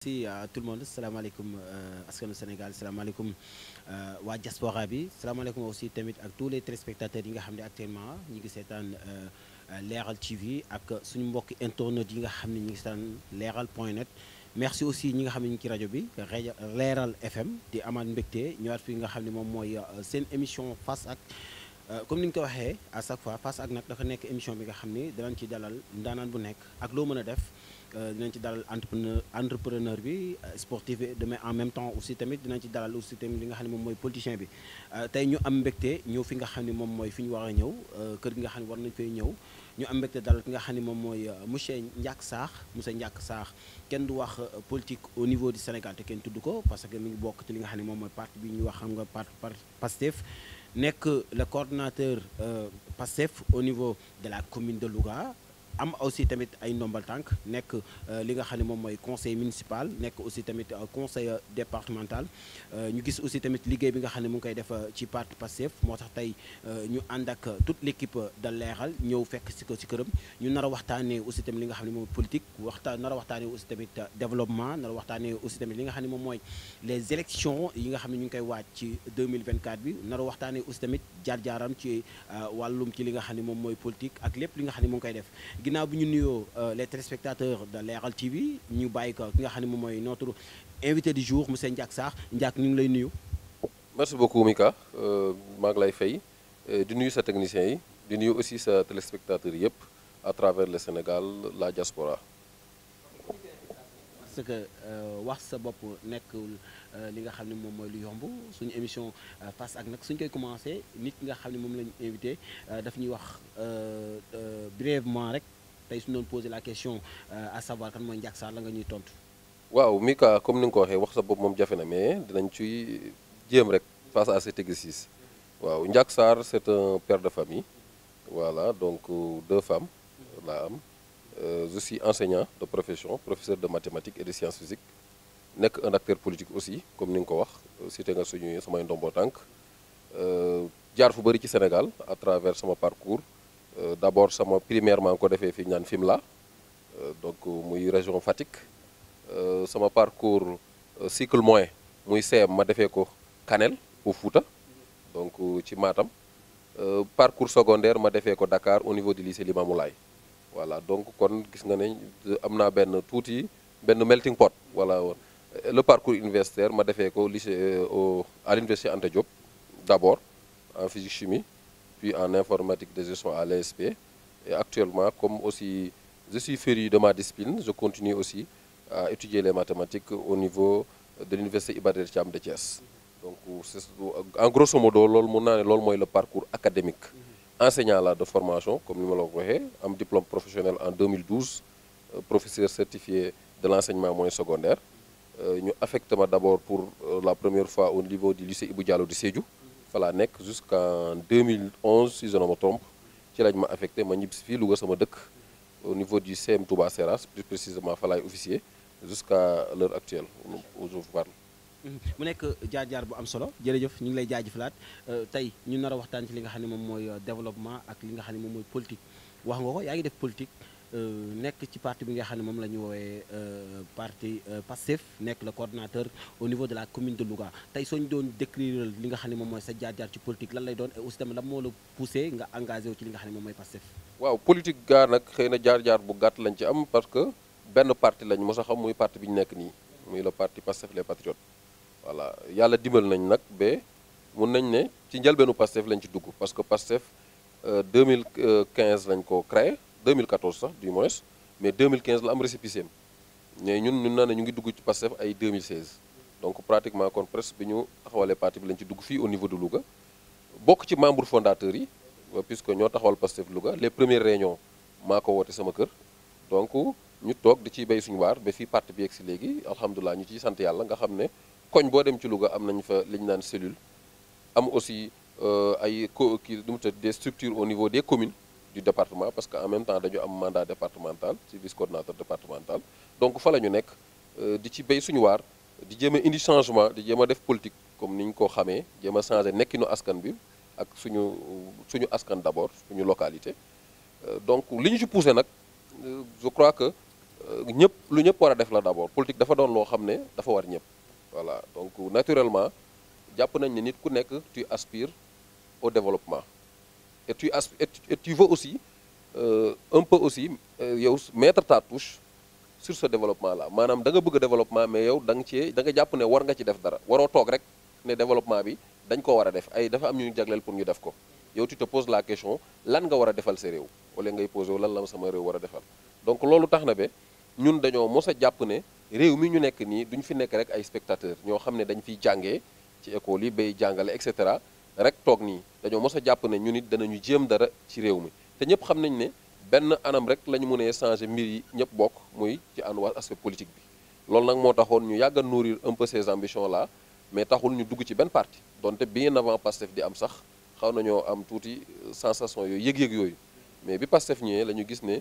si à tout le monde salaamaaleykum euh, askanu Sénégal salaamaaleykum euh, waa diaspora bi salaamaaleykum aussi tamit ak tous les téléspectateurs yi nga xam ne actuellement ñi ngi seetaan euh, Leral TV ak suñu mbokki internautes yi nga xam ne ñi ngi seetaan leeral point net merci aussi ñi nga xam ne ñu ci rajo bi rajo Leral FM di amaat mbégte ñëwaat fi nga xam ne moom mooy seen émission face ak comme ni ñu ko waxee à chaque fois face ak nag dafa nekk émission bi nga xam ne danañ ci dalal ndaanaan bu nekk ak loo mën a def Euh, dinañ ci dalal entrepreneur entrepreneur bi euh, sportif bi mais en même temps aussi tamit dinañ ci dalal aussi tamit li nga xam ne moom mooy politicien bi euh, tey ñu am mbégte ñëw fi nga xam ne moom mooy fi ñu war a ñëw kër gi nga xam ne war nañ fay ñëw ñu am mbégte dalal ki nga xam ne moom mooy monsieur Ndiack Sarr monsieur Ndiack Sarr kenn du wax politique au niveau du Sénégal te kenn tudd ko parce que mi ngi bokk ci li nga xam ne moom mooy parti bi ñu wax xam nga parti Pastef nekk le coordonnateur Pastef au niveau de la commune de Louga am aussi tamit ay ndombal tànk nekk euh, li nga xam ne moom mooy conseil municipal nekk aussi tamit euh, conseil euh, départemental ñu gis aussi tamit liggéey bi nga xam ne mu ngi koy def ci parti Pastef moo tax tey ñu ànd ak toute l'équipe de Leral ñëw fekk si ko si këram ñu nar a waxtaanee aussi tamit li nga xam ne moom politique waxtaan a waxtaanee aussi tamit développement nar a waxtaanee aussi tamit li nga ne moom mooy les élections yi nga xam ne ñu ngi koy waaj ci 2024 bi nar a waxtaanee aussi tamit jaar-jaaram ci wàllum ci li nga xam ne moom mooy politique ak lépp li nga xam ne mu ngi koy def ginnaaw bu ñu nuyoo euh, les téléspectateurs de Leral TV ñu bàyyi ko ki nga xam ne moom mooy notre invité du jour monsieur Ndiack Sarr Ndiack ñu ngi lay nuyu. merci beaucoup Mika euh, maa ngi lay fay euh, di nuyu sa technicien yi di nuyu aussi sa téléspectateurs yëpp à travers le Sénégal la diaspora parce que wax sa bopp nekkul li nga xam ne moom mooy lu yomb suñu émission face ak nag suñ koy commencé nit ki nga xam ne moom lañu invité daf ñuy wax brièvement rek tey su ñu doon posé la question euh, à savoir kan mooy Ndiack Sarr la nga ñuy tontu. waaw Mika comme ni nga ko waxee wax sa bopp moom jafe na mais dinañ ciy jéem rek face à cet exercice waaw Ndiack Sarr c' est un de famille voilà donc euh, deux femmes laa am euh, je suis enseignant de profession professeur de mathématiques et de sciences physiques nekk un acteur politique aussi comme ni nga ko wax cité nga suñu samay ndombo tànk jaar fu bëri ci Sénégal à travers sama parcours. Euh, d' abord sama premièrement ko defee fi ñaan Fimela euh, donc muy région Fatick euh, sama parcours cycle moyen muy CM ma defee ko Kanel au Fouta donc ci Matam parcours secondaire ma defee ko Dakar au niveau du lycée laay voilà donc kon gis nga ne am naa benn tuuti benn melting pot voilà le parcours universitaire ma defee ko lycée à l'université Anta Diop d' abord en physique chimie puis en informatique de gestion à l'ESP. Et actuellement, comme aussi je suis féru de ma discipline, je continue aussi à étudier les mathématiques au niveau de l'université Ibadan Thiam de Thiès. Donc en grosso modo lool mun naa loolu mooy le parcours académique. enseignant la de formation comme ni ma la ko waxee am diplôme professionnel en 2012 euh, professeur certifié de l'enseignement moyen secondaire euh, ñu affecté ma d'abord pour euh, la première fois au niveau du lycée Ibou Diallo de Sédhiou. fa laa nekk jusqu'en 2011 si je ne me trompe ci lañ ma affecté ma ñibbisi fii Louga sama dëkk au niveau du CM Touba Seras plus précisément fa laay officier jusqu'à l'heure actuelle où je vous mhm. mu nekk jaar-jaar bu am solo jërëjëf ñu ngi lay jaajëfalaat euh, tey ñu nar a waxtaan ci li nga xam ne moom mooy euh, développement ak li nga xam ne moom mooy politique wax nga ko yaa ngi def politique Euh, nekk ci parti bi nga xam ne moom la ñu woowee euh, parti euh, Pastef nekk le coordonnateur au niveau de la commune de Louga tey soo ñu doon décrire li nga xam ne moom mooy sa jaar-jaar ci politique lan lay doon et aussi tamit lan moo la poussé nga engagé wu ci li nga xam ne moom mooy Pastef. waaw politique gaa nag xëy na jaar-jaar bu gàtt lañ ci am parce que benn parti lañ mos a xam muy parti bi ñu nekk nii muy le parti Pastef les Patriotes voilà yàlla dimbal nañ nag ba mun nañ ne ci njëlbeenu Pastef lañ ci dugg parce que Pastef 2015 lañ ko créé. 2014 sax du moins mais 2015 la am récépissé am mais ñun ñun naa ñu ngi dugg ci Pastef ay 2016 donc pratiquement kon presque bi ñu taxawalee parti bi lañ ci dugg fii au niveau de Louga bokk ci membre fondateur yi euh, puisque ñoo taxawal Pastef Louga les premières réunions maa ko woote sama kër donc ñu toog di ciy béy suñu waar ba fii parti bi yegg si léegi alhamdulilah ñu ciy sant yàlla nga xam ne koñ boo dem ci Louga am nañu fa li ñu naan cellule am aussi euh, ay co kii nu mu des structures au niveau des communes du département parce que en même temps dañu am mandat départemental ci vice coordonnateur départemental donc fa la ñu nekk euh, di ci béy suñu waar di jéem a indi changement di jéem a def politique comme ni ñu ko xamee jéem a changé nekkinu askan bi ak suñu suñu askan d'abord suñu localité euh, donc li ñu ci poussé nag euh, je crois que ñëpp lu ñëpp war a def la d'abord politique dafa doon loo xam ne dafa war ñëpp voilà donc naturellement jàpp nañ ne nit ku nekk tu aspir au développement et tu as et, et tu aussi euh, un euh, yow mettre ta touche sur ce développement là maanaam da nga bëgg développement mais yow da nga cee da jàpp ne war nga ci def dara waroo rek ne développement bi dañ ko war a def ay dafa am ñu jagleel pour ñu def ko yow tu te poses question lan war a defal réew wala ngay posé wu lan la sama réew war a defal donc loolu tax na ba ñun dañoo mos a jàpp ne réew mi ñu nekk nii duñ fi nekk rek ay spectateurs ñoo xam ne dañ fiy jàngee ci école yi bay jàngale et cetera rek toog nii dañoo mos a jàpp ne ñu nit danañu jéem dara ci réew mi te ñëpp xam nañ ne benn anam rek la ñu mënee changé mbir yi ñëpp bokk muy ci ànd waa aspect politique bi loolu nag moo taxoon ñu yàgg a nourrir un peu ces ambitions là mais taxul ñu dugg ci benn parti donte bi an avant Pastef di am sax xaw nañoo am tuuti euh, sensation yooyu yëg-yëg yooyu mais bi Pastef ñëwee la ñu gis ne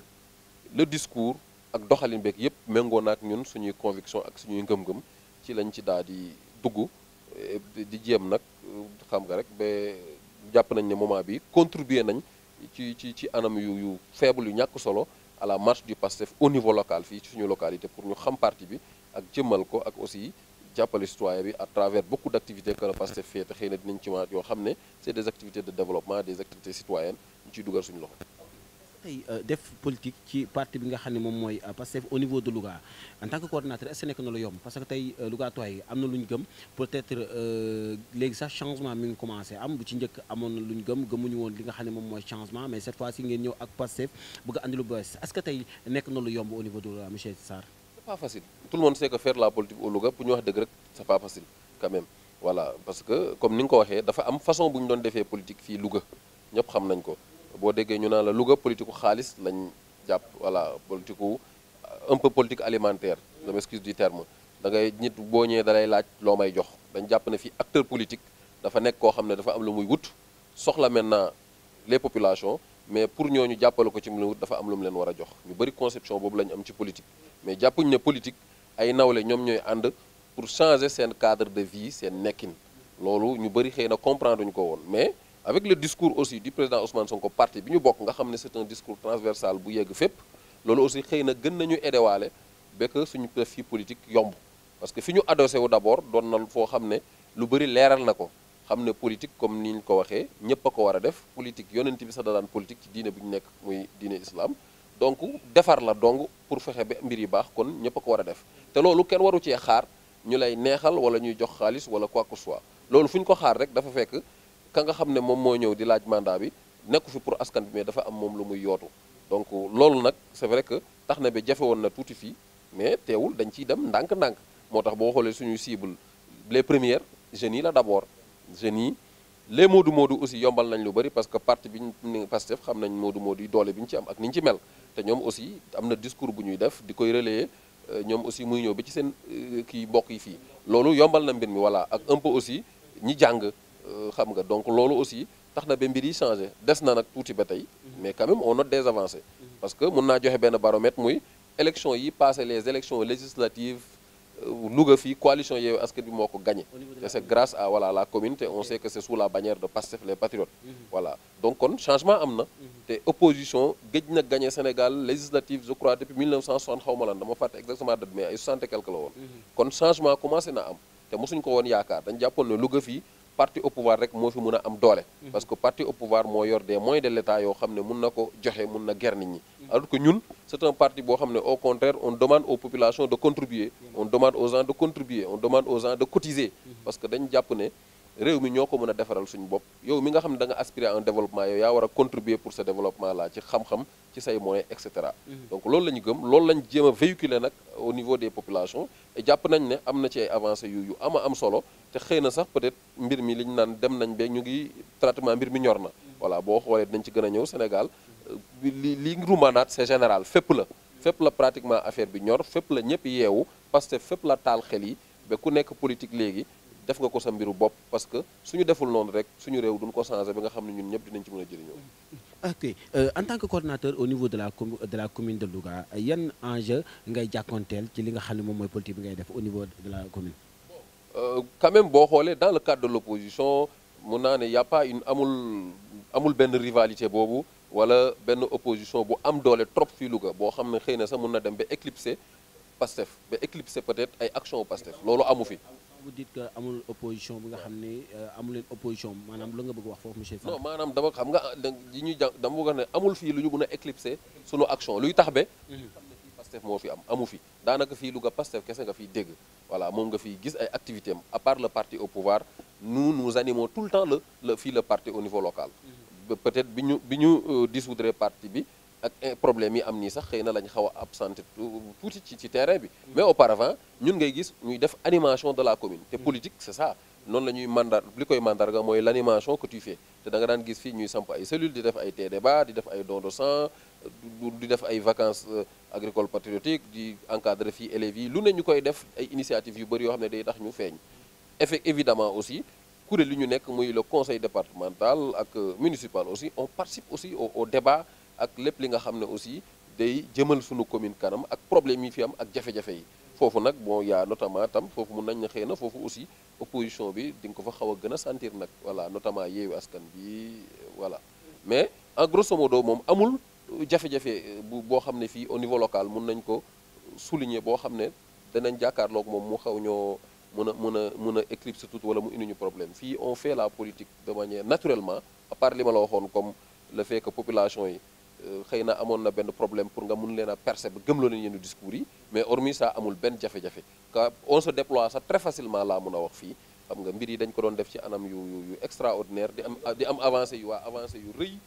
le discours ak doxalin beeg yëpp méngoo na ak ñun suñuy conviction ak suñuy ngëm ci lañ ci daal di dugg euh, di jéem nag xam nga rek ba jàpp nañ ne moment bi contribuer nañ ci ci ci anam yu yu faible yu ñàkk solo à la marche du PASTEF au niveau local fii ci suñu localité pour ñu xam parti bi ak jëmmal ko ak aussi jàppale citoyen bi à travers beaucoup d' activités que le PASTEF fait te xëy na dinañ ci maat yoo xam ne c' est des activités de développement des activités citoyennes ñu ciy dugal suñu loxo ay euh, def politique ci parti bi nga xam ne moom mooy euh, Pastef au niveau de Louga en tant que coordinateur est-ce nekk na lu yomb parce que tey euh, Louga tooy am na lu sax changement mi ngi commencé am bu ci njëkk amoon na lu ñu gëm gëmuñu woon li nga xam ne moom mooy changement mais cette fois-ci ngeen ñëw ak Pastef bëgg a andi lu bees est-ce que tey nekk na lu yomb au niveau de Louga monsieur Sarr c'est pas facile tout le monde sait que faire la politique au Louga pour ñu que comme ni nga ko waxee dafa am façon bu ñu doon defee politique fii Louga ñëpp xam nañ ko boo déggee ñu naan la Louga politique xaalis lañ jàpp voilà politique euh, un peu alimentaire je m'excuse du terme da ngay nit boo ñëwee da laaj loo may jox dañ jàpp ne fii acteur politique dafa nekk koo xam ne dafa am lu muy wut soxla maintenant les population mais pour ñu jàppale ko ci mu wut dafa am lu mu leen war a jox ñu bëri conception boobu lañu am ci politique mais jàppuñ ne politique ay nawle ñoom ñooy ànd pour changer seen cadre de vie seen nekkin loolu ñu bëri xëy na comprendre ñu ko woon mais avec le discours aussi du président Ousmane Sonko parti bi ñu bokk nga xam ne c'est un discours transversal bu yegg fépp loolu aussi xëy na gën nañu edewaale bekk suñu def yi politique yomb parce que fi ñu adossé wu d'abord doon na foo xam ne lu bari leeral na ko xam ne politique comme ni ñu ko waxee ñépp a ko war a def politique yonent bi sax da daan politique ci diine bu ñu nekk muy diine islam donc defar la dong pour fexe ba mbir yi baax kon ñépp a ko war a def te loolu kenn waru cee xaar ñu lay neexal wala ñuy jox xaalis wala quoi que loolu fu ko xaar rek dafa fekk ka nga xam ne moom moo ñëw di laaj mandat bi nekku fi pour askan bi mais dafa am moom lu muy yootu donc loolu nag c'est vrai que tax na bi jafe woon na tuuti fii mais teewul dañ ciy dem ndànk-ndànk moo tax boo xoolee suñuy cible les premières jeunes yi la d'abord jeunes yi les moodu moodu aussi yombal nañ lu bari parce que parti bi ni ñu Pastef xam nañ moodu moodu yi doole bi ñu ci am ak ni ñu ci mel te ñoom aussi am na discours bu ñuy def di koy relayer euh, ñoom aussi muy ñëw ba ci seen euh, kii mbokk yi fii loolu yombal na mbir mi voilà ak un aussi ñi jàng Euh, xam nga donc loolu aussi tax na ba mbir yi changé des na nag tuuti ba tey mhm. mais quand même on note des avancées mhm. parce que mun naa joxe benn baromètre muy élection yi passé les élections législatives euh, Louga fii coalition Yewwi Askan Wi moo ko gagné te c'est grâce à voilà la communauté on sait que c'est sous la bannière de Pastef les patriotes mhm. voilà donc kon changement am na te opposition géej na gagné Sénégal législative je crois depuis 1960 lan dama fàtte exactement date mais woon kon changement commencé na am te mosuñ ko woon parti au pouvoir rek moo fi mun a am doole mhm. parce que parti au pouvoir moo yor des moyens de l'État yoo xam ne mun na ko joxe mun na ger nit ñi mhm. alors que ñun c'est un parti boo xam ne au contraire on demande aux populations de contribuer mhm. on demande aux gens de cotiser parce que dañ jàpp ne réew mi ñoo ko mën a defaral suñu bopp yow mi nga xam ne danga nga aspirer un développement yow yaa war a contribuer pour ce développement là ci xam-xam ci say moyens et cetera mm-hmm. donc loolu la ñu gëm loolu lañ jéema a véhiculer nag au niveau des populations jàpp nañ ne am na ci avancer avancées yu yu ama am solo te xëy na sax peut-être mbir mi li naan dem nañ ba ñu ngi traitement mbir mi ñor na mm-hmm. voilà boo xoolee dañ ci gën a ñëw Sénégal euh, li li rumaanaat c'est général fépp la fépp la pratiquement affaire bi ñor fépp la ñëpp yeewu parce que fépp la taal xel yi ba ku nekk politique léegi def nga ko sa mbiru bopp parce que suñu deful noonu rek suñu réew duñ ko sanger bi nga xam ne ñun ñëpp dinañ ci mën a jëriñoo. ok euh, en tant que coordinateur au niveau de la com de la commune de Louga yan enjeu ngay jàkkoonteel ci li nga xam ne moom mooy politique bi ngay def au niveau de la commune. Euh, quand boo xoolee dans le cadre de l'opposition mun naa ne yàppa a une amul amul benn rivalité boobu wala benn opposition bu am doole trop fii Louga boo xam ne xëy na sax mun na dem ba éclipser Pastef ba éclipser peut-être ay action Pastef loolu amu fi. vous dites que amul opposition bi nga xam ne euh, amul leen opposition maanaam lu nga bëgg wax foofu monsieur Fall non maanaam dama xam nga amul fii lu ñu mën a éclipser sunu action luy tax ba mhm. pastef moo fi am amu fi daanaka fii Louga pastef kese nga fiy dégg voilà moom nga fiy gis ay activité am part le parti au pouvoir nous nous animons tout le temps le fii le parti au niveau local mhm. peut-être bi ñu bi euh, parti bi ak eh, problème yi am nii sax xëy na lañ xaw a absenté tuuti ci ci terrain bi mais auparavant ñun ngay gis ñuy def animation de la commune te mm. politique c'est ça noonu la ñuy mandar li koy mandarga mooy l'animation que tu fais te da nga daan gis fii ñuy samp ay cellules di def ay te débat di def ay don de di def ay vacances euh, agricole patriotiques di encadrer fii élèves yi lu ne ñu koy def ay initiatives yu bëri yoo xam ne day tax ñu feeñ effet évidemment aussi kuréel li ñu nekk muy le conseil départemental ak euh, municipal aussi on participe aussi au au débat ak lépp li nga xam ne aussi day jëmal sunu commune kanam ak problème yi fi am ak jafe-jafe yi foofu nag bon yaa notamment tam foofu mun nañ na xëy na foofu aussi opposition bi di nga ko fa xaw a gën a sentir nag voilà notamment yeewu askan bi voilà mais en grosso moom amul jafe-jafe euh, bu boo xam ne fii au niveau local mun nañ ko souligner boo xam ne danañ jàkkaarloog moom mu xaw ñoo mun a mun a mën a éclipse tout wala mu indi ñu problème fii on fait la politique de manière naturellement li ma la waxoon comme le fait population yi Euh, xëy na amoon na benn problème pour nga mun leen a percer ba gëmloo leen yenn discours yi mais hormis ça amul benn jafe-jafe ka on se déploie ça très facilement laa mun a wax fii xam nga mbir yi dañ ko doon def ci anam yu yu extraordinaire di am di avancé yu waa avancé yu rëy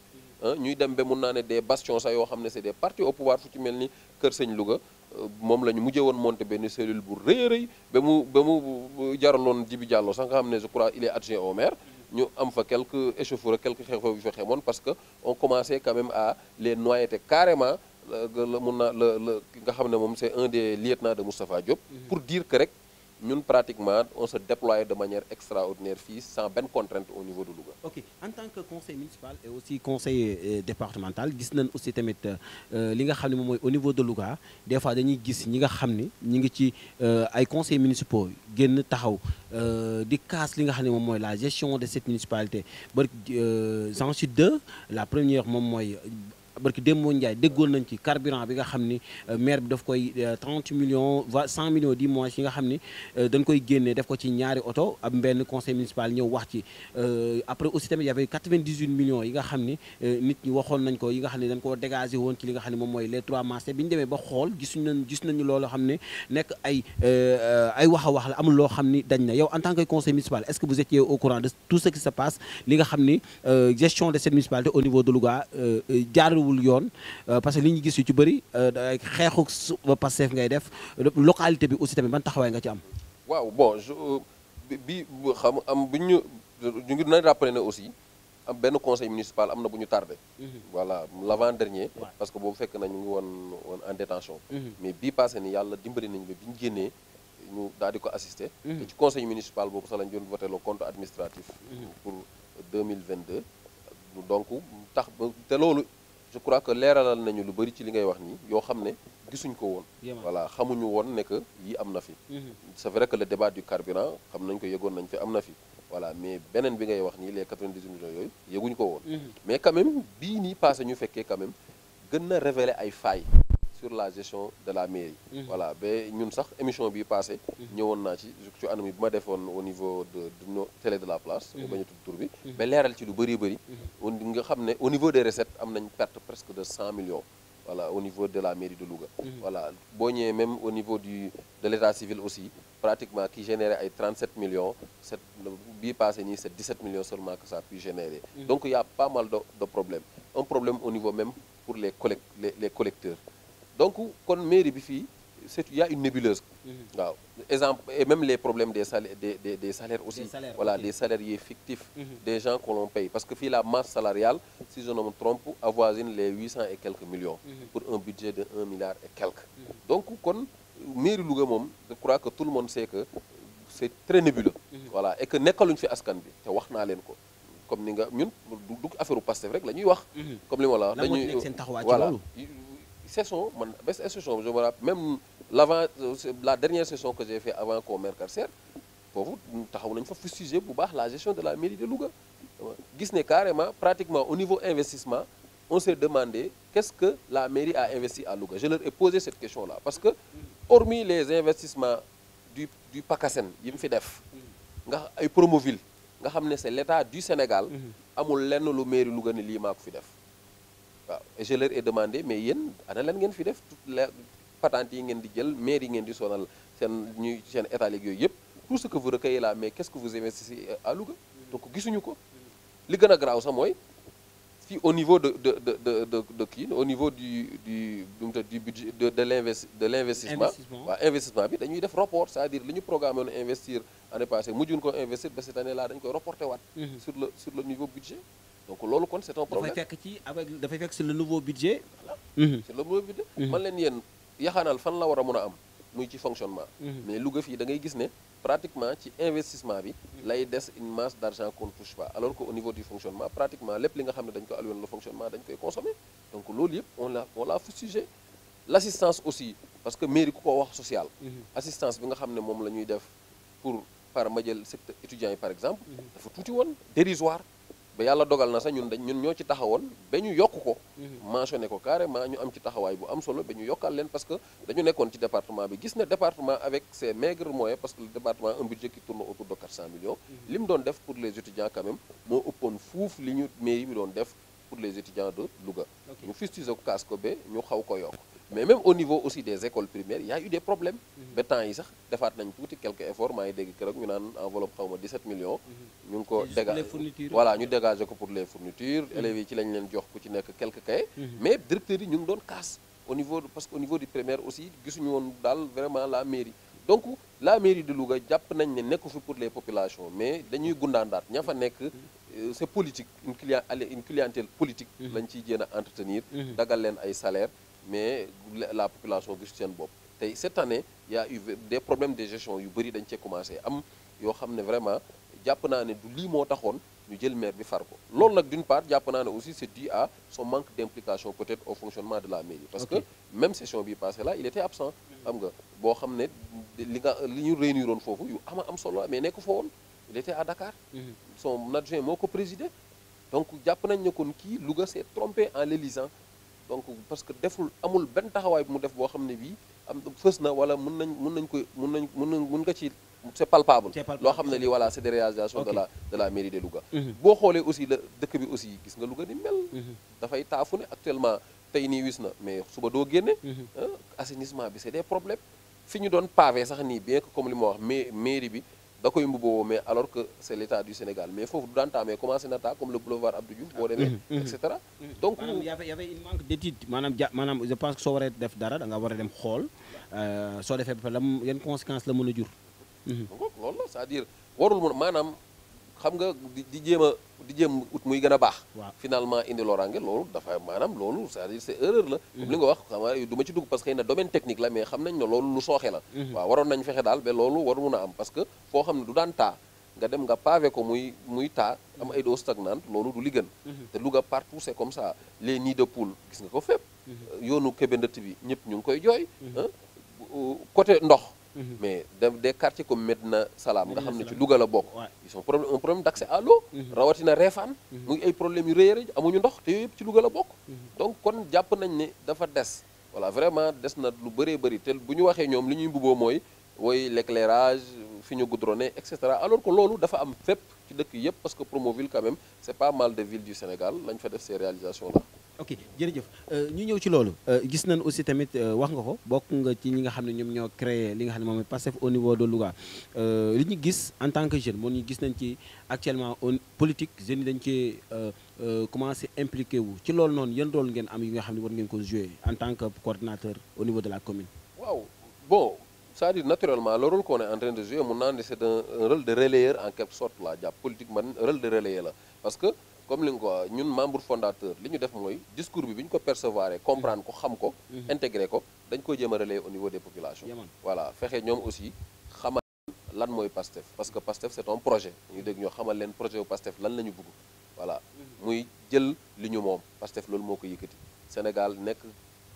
ñuy dem ba mun naa ne des bastion sax yoo xam ne c'est des partis au pouvoir fu ci mel ni Kër Sëñ luga euh, moom la ñu woon monté benn cellule bu rëy a rëy ba mu ba mu jaraloon Djibi Diallo sax nga xam ne je crois il est adjoint ñu am fa quelque échauffourées quelques xew-xew fa xemoon parce que on commençait quand même à les noyauter carrément euh, mun naa la la ki nga xam ne moom c'est un des lieutenants de Moustapha Diop mm-hmm. pour dire que rek ñun pratiquement on se déployait de manière extraordinaire fii sans benn contrainte au niveau de Louga. ok en tant que conseil municipal et aussi conseil euh, départemental gis nan aussi tamit euh, li nga xam ne moom mooy au niveau de Louga des fois dañuy gis ñi nga xam ni ñu ngi ci euh, ay conseils municipaux génn taxaw di kaas li nga xam ne moom mooy la gestion de cette municipalité ba j'en suis deux la première moom mooy. barki Demba Ndiaye déggoon nañ ci carburant bi nga xam ni euh, maire bi daf koy 30 euh, millions di mois yi nga xam ni euh, dañ koy génnee def ko ci ñaari oto ab benn conseil municipal ñëw wax ci après aussi tamit y avait yi nga xam ni nit ñi waxoon nañ ko yi nga xam ne dañ koo dégagé woon ci li nga xam ne moom mooy les trois marchés bi ñu demee ba xool gisuñ nañ gis nañu loolu xam ne nekk ay ay wax a wax la amul loo xam ni dañ na yow en tant que conseil municipal est-ce que vous jaaruwul yoon euh, parce que li ñu gis yu ci bëri euh, xeexu Pastef ngay def localité bi aussi tamit ban taxawaay nga ci am. waaw bon euh, bi xam am bu ñu ñu ngi nañ rappelé ne aussi am benn conseil municipal am na bu ñu tardé. Mhm. voilà l'avant dernier. parce que boo fekk na ñu ngi woon woon en détention mhm. mais bii passé ni yàlla dimbali nañu ba bi ñu génnee. ñu daal di ko assister. Mhm. te ci conseil municipal boobu sax lañ doon voté le compte administratif. pour 2022. donc tax te loolu je crois que leeralal nañu lu bari ci li ngay wax nii yoo xam ne gisuñ ko woon voilà xamuñu woon ne que yi am na fi mhm. c'est vrai que le débat du carburant xam nañ ko yëgoon nañ fi am na fi voilà mais beneen bi ngay wax nii les 98 millions yooyu yëguñu ko woon mhm. mais quand même bii nii passé ñu fekkee quand gën na révéler ay failles sur la gestion de la mairie. Mhm. voilà ba ñun sax émission bi passé mhm. ñëwoon naa ci ci anam yi ma defoon au niveau de de télé de la place. Mhm. bañ a bi. ba leeral ci lu bëri bëri. nga xam ne au niveau des recettes am nañ perte presque de 100 millions. voilà au niveau de la mairie de Louga. voilà boo ñëwee même au niveau du de l'état civil aussi pratiquement qui générait ay 37 millions c'est bii passé nii c'est 17 millions seulement que ça a pu générer. donc il y a pas mal niveau même pour les collect les les donc kon mairie bi fii c'est il a une nébuleuse mhm. waaw exemple et même les problèmes des salaires des des des salaires aussi voilà des salariés fictifs mhm. des gens que l'on paye parce que fii la masse salariale si je ne avoisine les huit cent et quelques millions mhm. pour un budget de un milliard et quelques donc kon mairie Louga moom je crois que tout le monde sait que c'est très nébuleux voilà et que nekkaluñ fi askan bi te wax naa leen ko comme ni nga ñun du affaire u rek la ñuy wax comme li ma la wax saison man best session je me rappelle même l'avant la dernière session que j'ai fait avant qu'on Carcer foofu taxaw nañ fa fustiger bu baax la gestion de la mairie de Louga gis ne carrément pratiquement au niveau investissement on s'est demandé qu'est-ce que la mairie a investi à Louga je leur ai posé cette question là parce que hormis les investissements du du PACASEN yi mu fi def nga ay Promoville nga xam ne c'est l'État du Sénégal mhm. amul lenn lu mairie Louga ne lii maa ko fi def waaw et je mais yéen ana lan ngeen fi def toute yi ngeen di jël maire yi ngeen di sonal seen ñuy seen état léegi yooyu yëpp tout ce que vous recueillez mais qu'est-ce que vous investissez euh, à Louga donc gisuñu ko li gën a garaaw sax mooy fii au niveau de de de de de de kii au niveau du du du budget de de l'invest de l'investissement waaw investissement bi dañuy def report c'est-à-dire li ñu programmé woon investir année passée mujjun ko investir ba cette année là dañu donc loolu kon c'est un problème dafay fekk ci avec nouveau budget. Mhm. Mhm. man leen yéen yaxaanal fan la war a mun a am muy ci fonctionnement. Mhm. mais Louga fii da ngay gis ne pratiquement ci investissement bi. lay des une masse d'argent qu'on ne touche pas alors que au niveau du fonctionnement pratiquement lépp li nga xam ne dañ ko alloué le fonctionnement dañ koy consommer donc loolu yëpp on l'a on l'assistance aussi parce que mairie ku ko wax sociale. assistance bi nga xam ne moom la ñuy def pour par ma jël secteur étudiant yi par exemple. dafa tuuti woon dérisoire. ba yàlla dogal na sax ñun dañ ñun ñoo ci taxawoon ba ñu yokk ko mhm. mentionné ko carrément ñu am ci taxawaay bu am solo ba ñu yokkal leen parce que dañu nekkoon ci département bi gis na département avec ses maigres moyens parce que le département un budget qui tourne autour de 400 millions mhm. li mu doon def pour les étudiants quand moo ëppoon fuuf li ñu mairie bi doon def pour les étudiants de luga ñu fustiger ko kaas ko be ñu xaw ko yokk mais même au niveau aussi des écoles primaires y a eu des problèmes mhm. ba temps yi sax defaat nañ tuuti quelques efforts maa ngi dégg keroog ñu naan enveloppe xaw ma 17 millions mhm. ñu ngi ko dégagé voilà ñu dégagé ko pour les fournitures mhm. élèves yi ci lañ leen jox ku ci nekk quelques cahiers mais directeurs yi ñu ngi doon casse au niveau parce que au niveau du primaire aussi gisuñu woon daal vraiment la mairie donc la mairie de Louga jàpp nañ ne nekku fi pour les populations mais dañuy gundaandaat ña fa nekk euh, c'est politique une client une politique lañ ciy jéem a entretenir leen ay salaire mais la population gis seen bopp tey cette année y a problème des problèmes de gestion yu bëri dañ cee commencé am yoo xam ne vraiment jàpp naa ne du lii moo taxoon ñu jël maire bi far ko loolu nag d'une part jàpp naa ne aussi c'est dû à son manque d'implication peut-être de la mairie parce que même session bi passée là il était xam nga boo xam ne li nga li ñu réuniroon foofu yu ama am solo mais nekk fa woon il était à Dakar mhm. son adjoint moo ko présider donc jàpp nañ ne kon kii Louga s'est trompé en l'élisant donc parce que deful amul benn taxawaay bu mu def boo xam ne bii am fës na wala mun nañ mën nañ koy mun nañ mun nañ mën nga ci c'est palpable loo xam ne lii voilà c'est des réalisations de la de mairie de Louga mhm. boo xoolee aussi la dëkk bi aussi gis nga Louga ni mel mhm. dafay taafu ne actuellement tey nii wis na mais suba doo génne mhm. ah, assainissement bi c'est des problème fi ñu doon pavé sax nii bien que comme li ma wax mais mairie bi da koy mbubboo mais alors que c' est du Sénégal mais foofu du daan taamee commencé na comme le boulevard Abdou Diouf boo demee mhm, mhm. et donc maanaam d' étude maanaam ja maanaam je pense que soo waree def dara da nga a dem xool euh, soo defee ba la yan conséquence la mën a jur mhm. donc loolu la maanaam xam nga di jéem a di jëm ut muy gën a baax finalement indi loraange loolu dafa maanaam loolu c'est-à-dire c'est erreur la mhm. comme li nga wax xam nga du ma ci dugg que xëy na domaine technique la mais xam nañ ne loolu lu sooxe la mhm. waaw waroon nañ fexe daal ba loolu war mun a am parce que foo xam ne du daan taa nga dem nga pavé ko muy muy taa am mhm. ay doo stagnante loolu du li gën te Louga partout c'est comme ça les nii de poule gis nga ko fépp yoonu Kébé ndëtt bi ñëpp ñu ngi koy jooy côté ndox Mhm. mais des quartiers comme Medina Salaam nga xam ne ci Louga la bokk ils sont problème un problème d'accès à l'eau mhm. rawatina Réfane mhm. mu ngi ay problème yu rëy rëy amuñu ndox te yooyu yëpp ci Louga la bokk donc kon jàpp nañ ni dafa des voilà vraiment des na lu bëree bëri te bu ñu waxee ñoom li ñuy mbubboo mooy wooy l'éclairage fi ñu goudronné et cetera alors que loolu dafa am fépp ci dëkk yëpp parce que Promoville quand même c'est pas mal de villes du Sénégal lañ fa def ces réalisations ok jërëjëf euh, ñu ñëw ci loolu euh, gis nañ aussi tamit euh, wax nga ko bokk nga ci ñi nga xam ne ñoom ñoo créé li nga xam ne moom Pastef au niveau de Louga ñu gis en que jeune moom ñu gis nañ ci actuellement on politique yi dañ ci commencé impliqué wu ci loolu noonu yan rôle ngeen am yi nga xam ne war ngeen ko joué en tant que coordinateur au niveau de la commune waaw bon c'est-à-dire naturellement le rôle qu'on est en train de jouer mun naa ne c'est un rôle de relayeur en quelque sorte la jàpp politique man rôle de relayeur comme li nga ko ñun membre fondateur li ñu def mooy discours bi bi ñu ko percevoir comprendre ko xam ko mhm. intégrer ko dañ ko jéem a relayer au niveau des populations voilà fexe ñoom aussi xamal lan mooy PASTEF parce que PASTEF c'est un projet ñu dégg ñoo xamal leen projet bu PASTEF lan la ñu bëgg mhm. muy jël li ñu moom PASTEF loolu moo ko yëkkati Sénégal nekk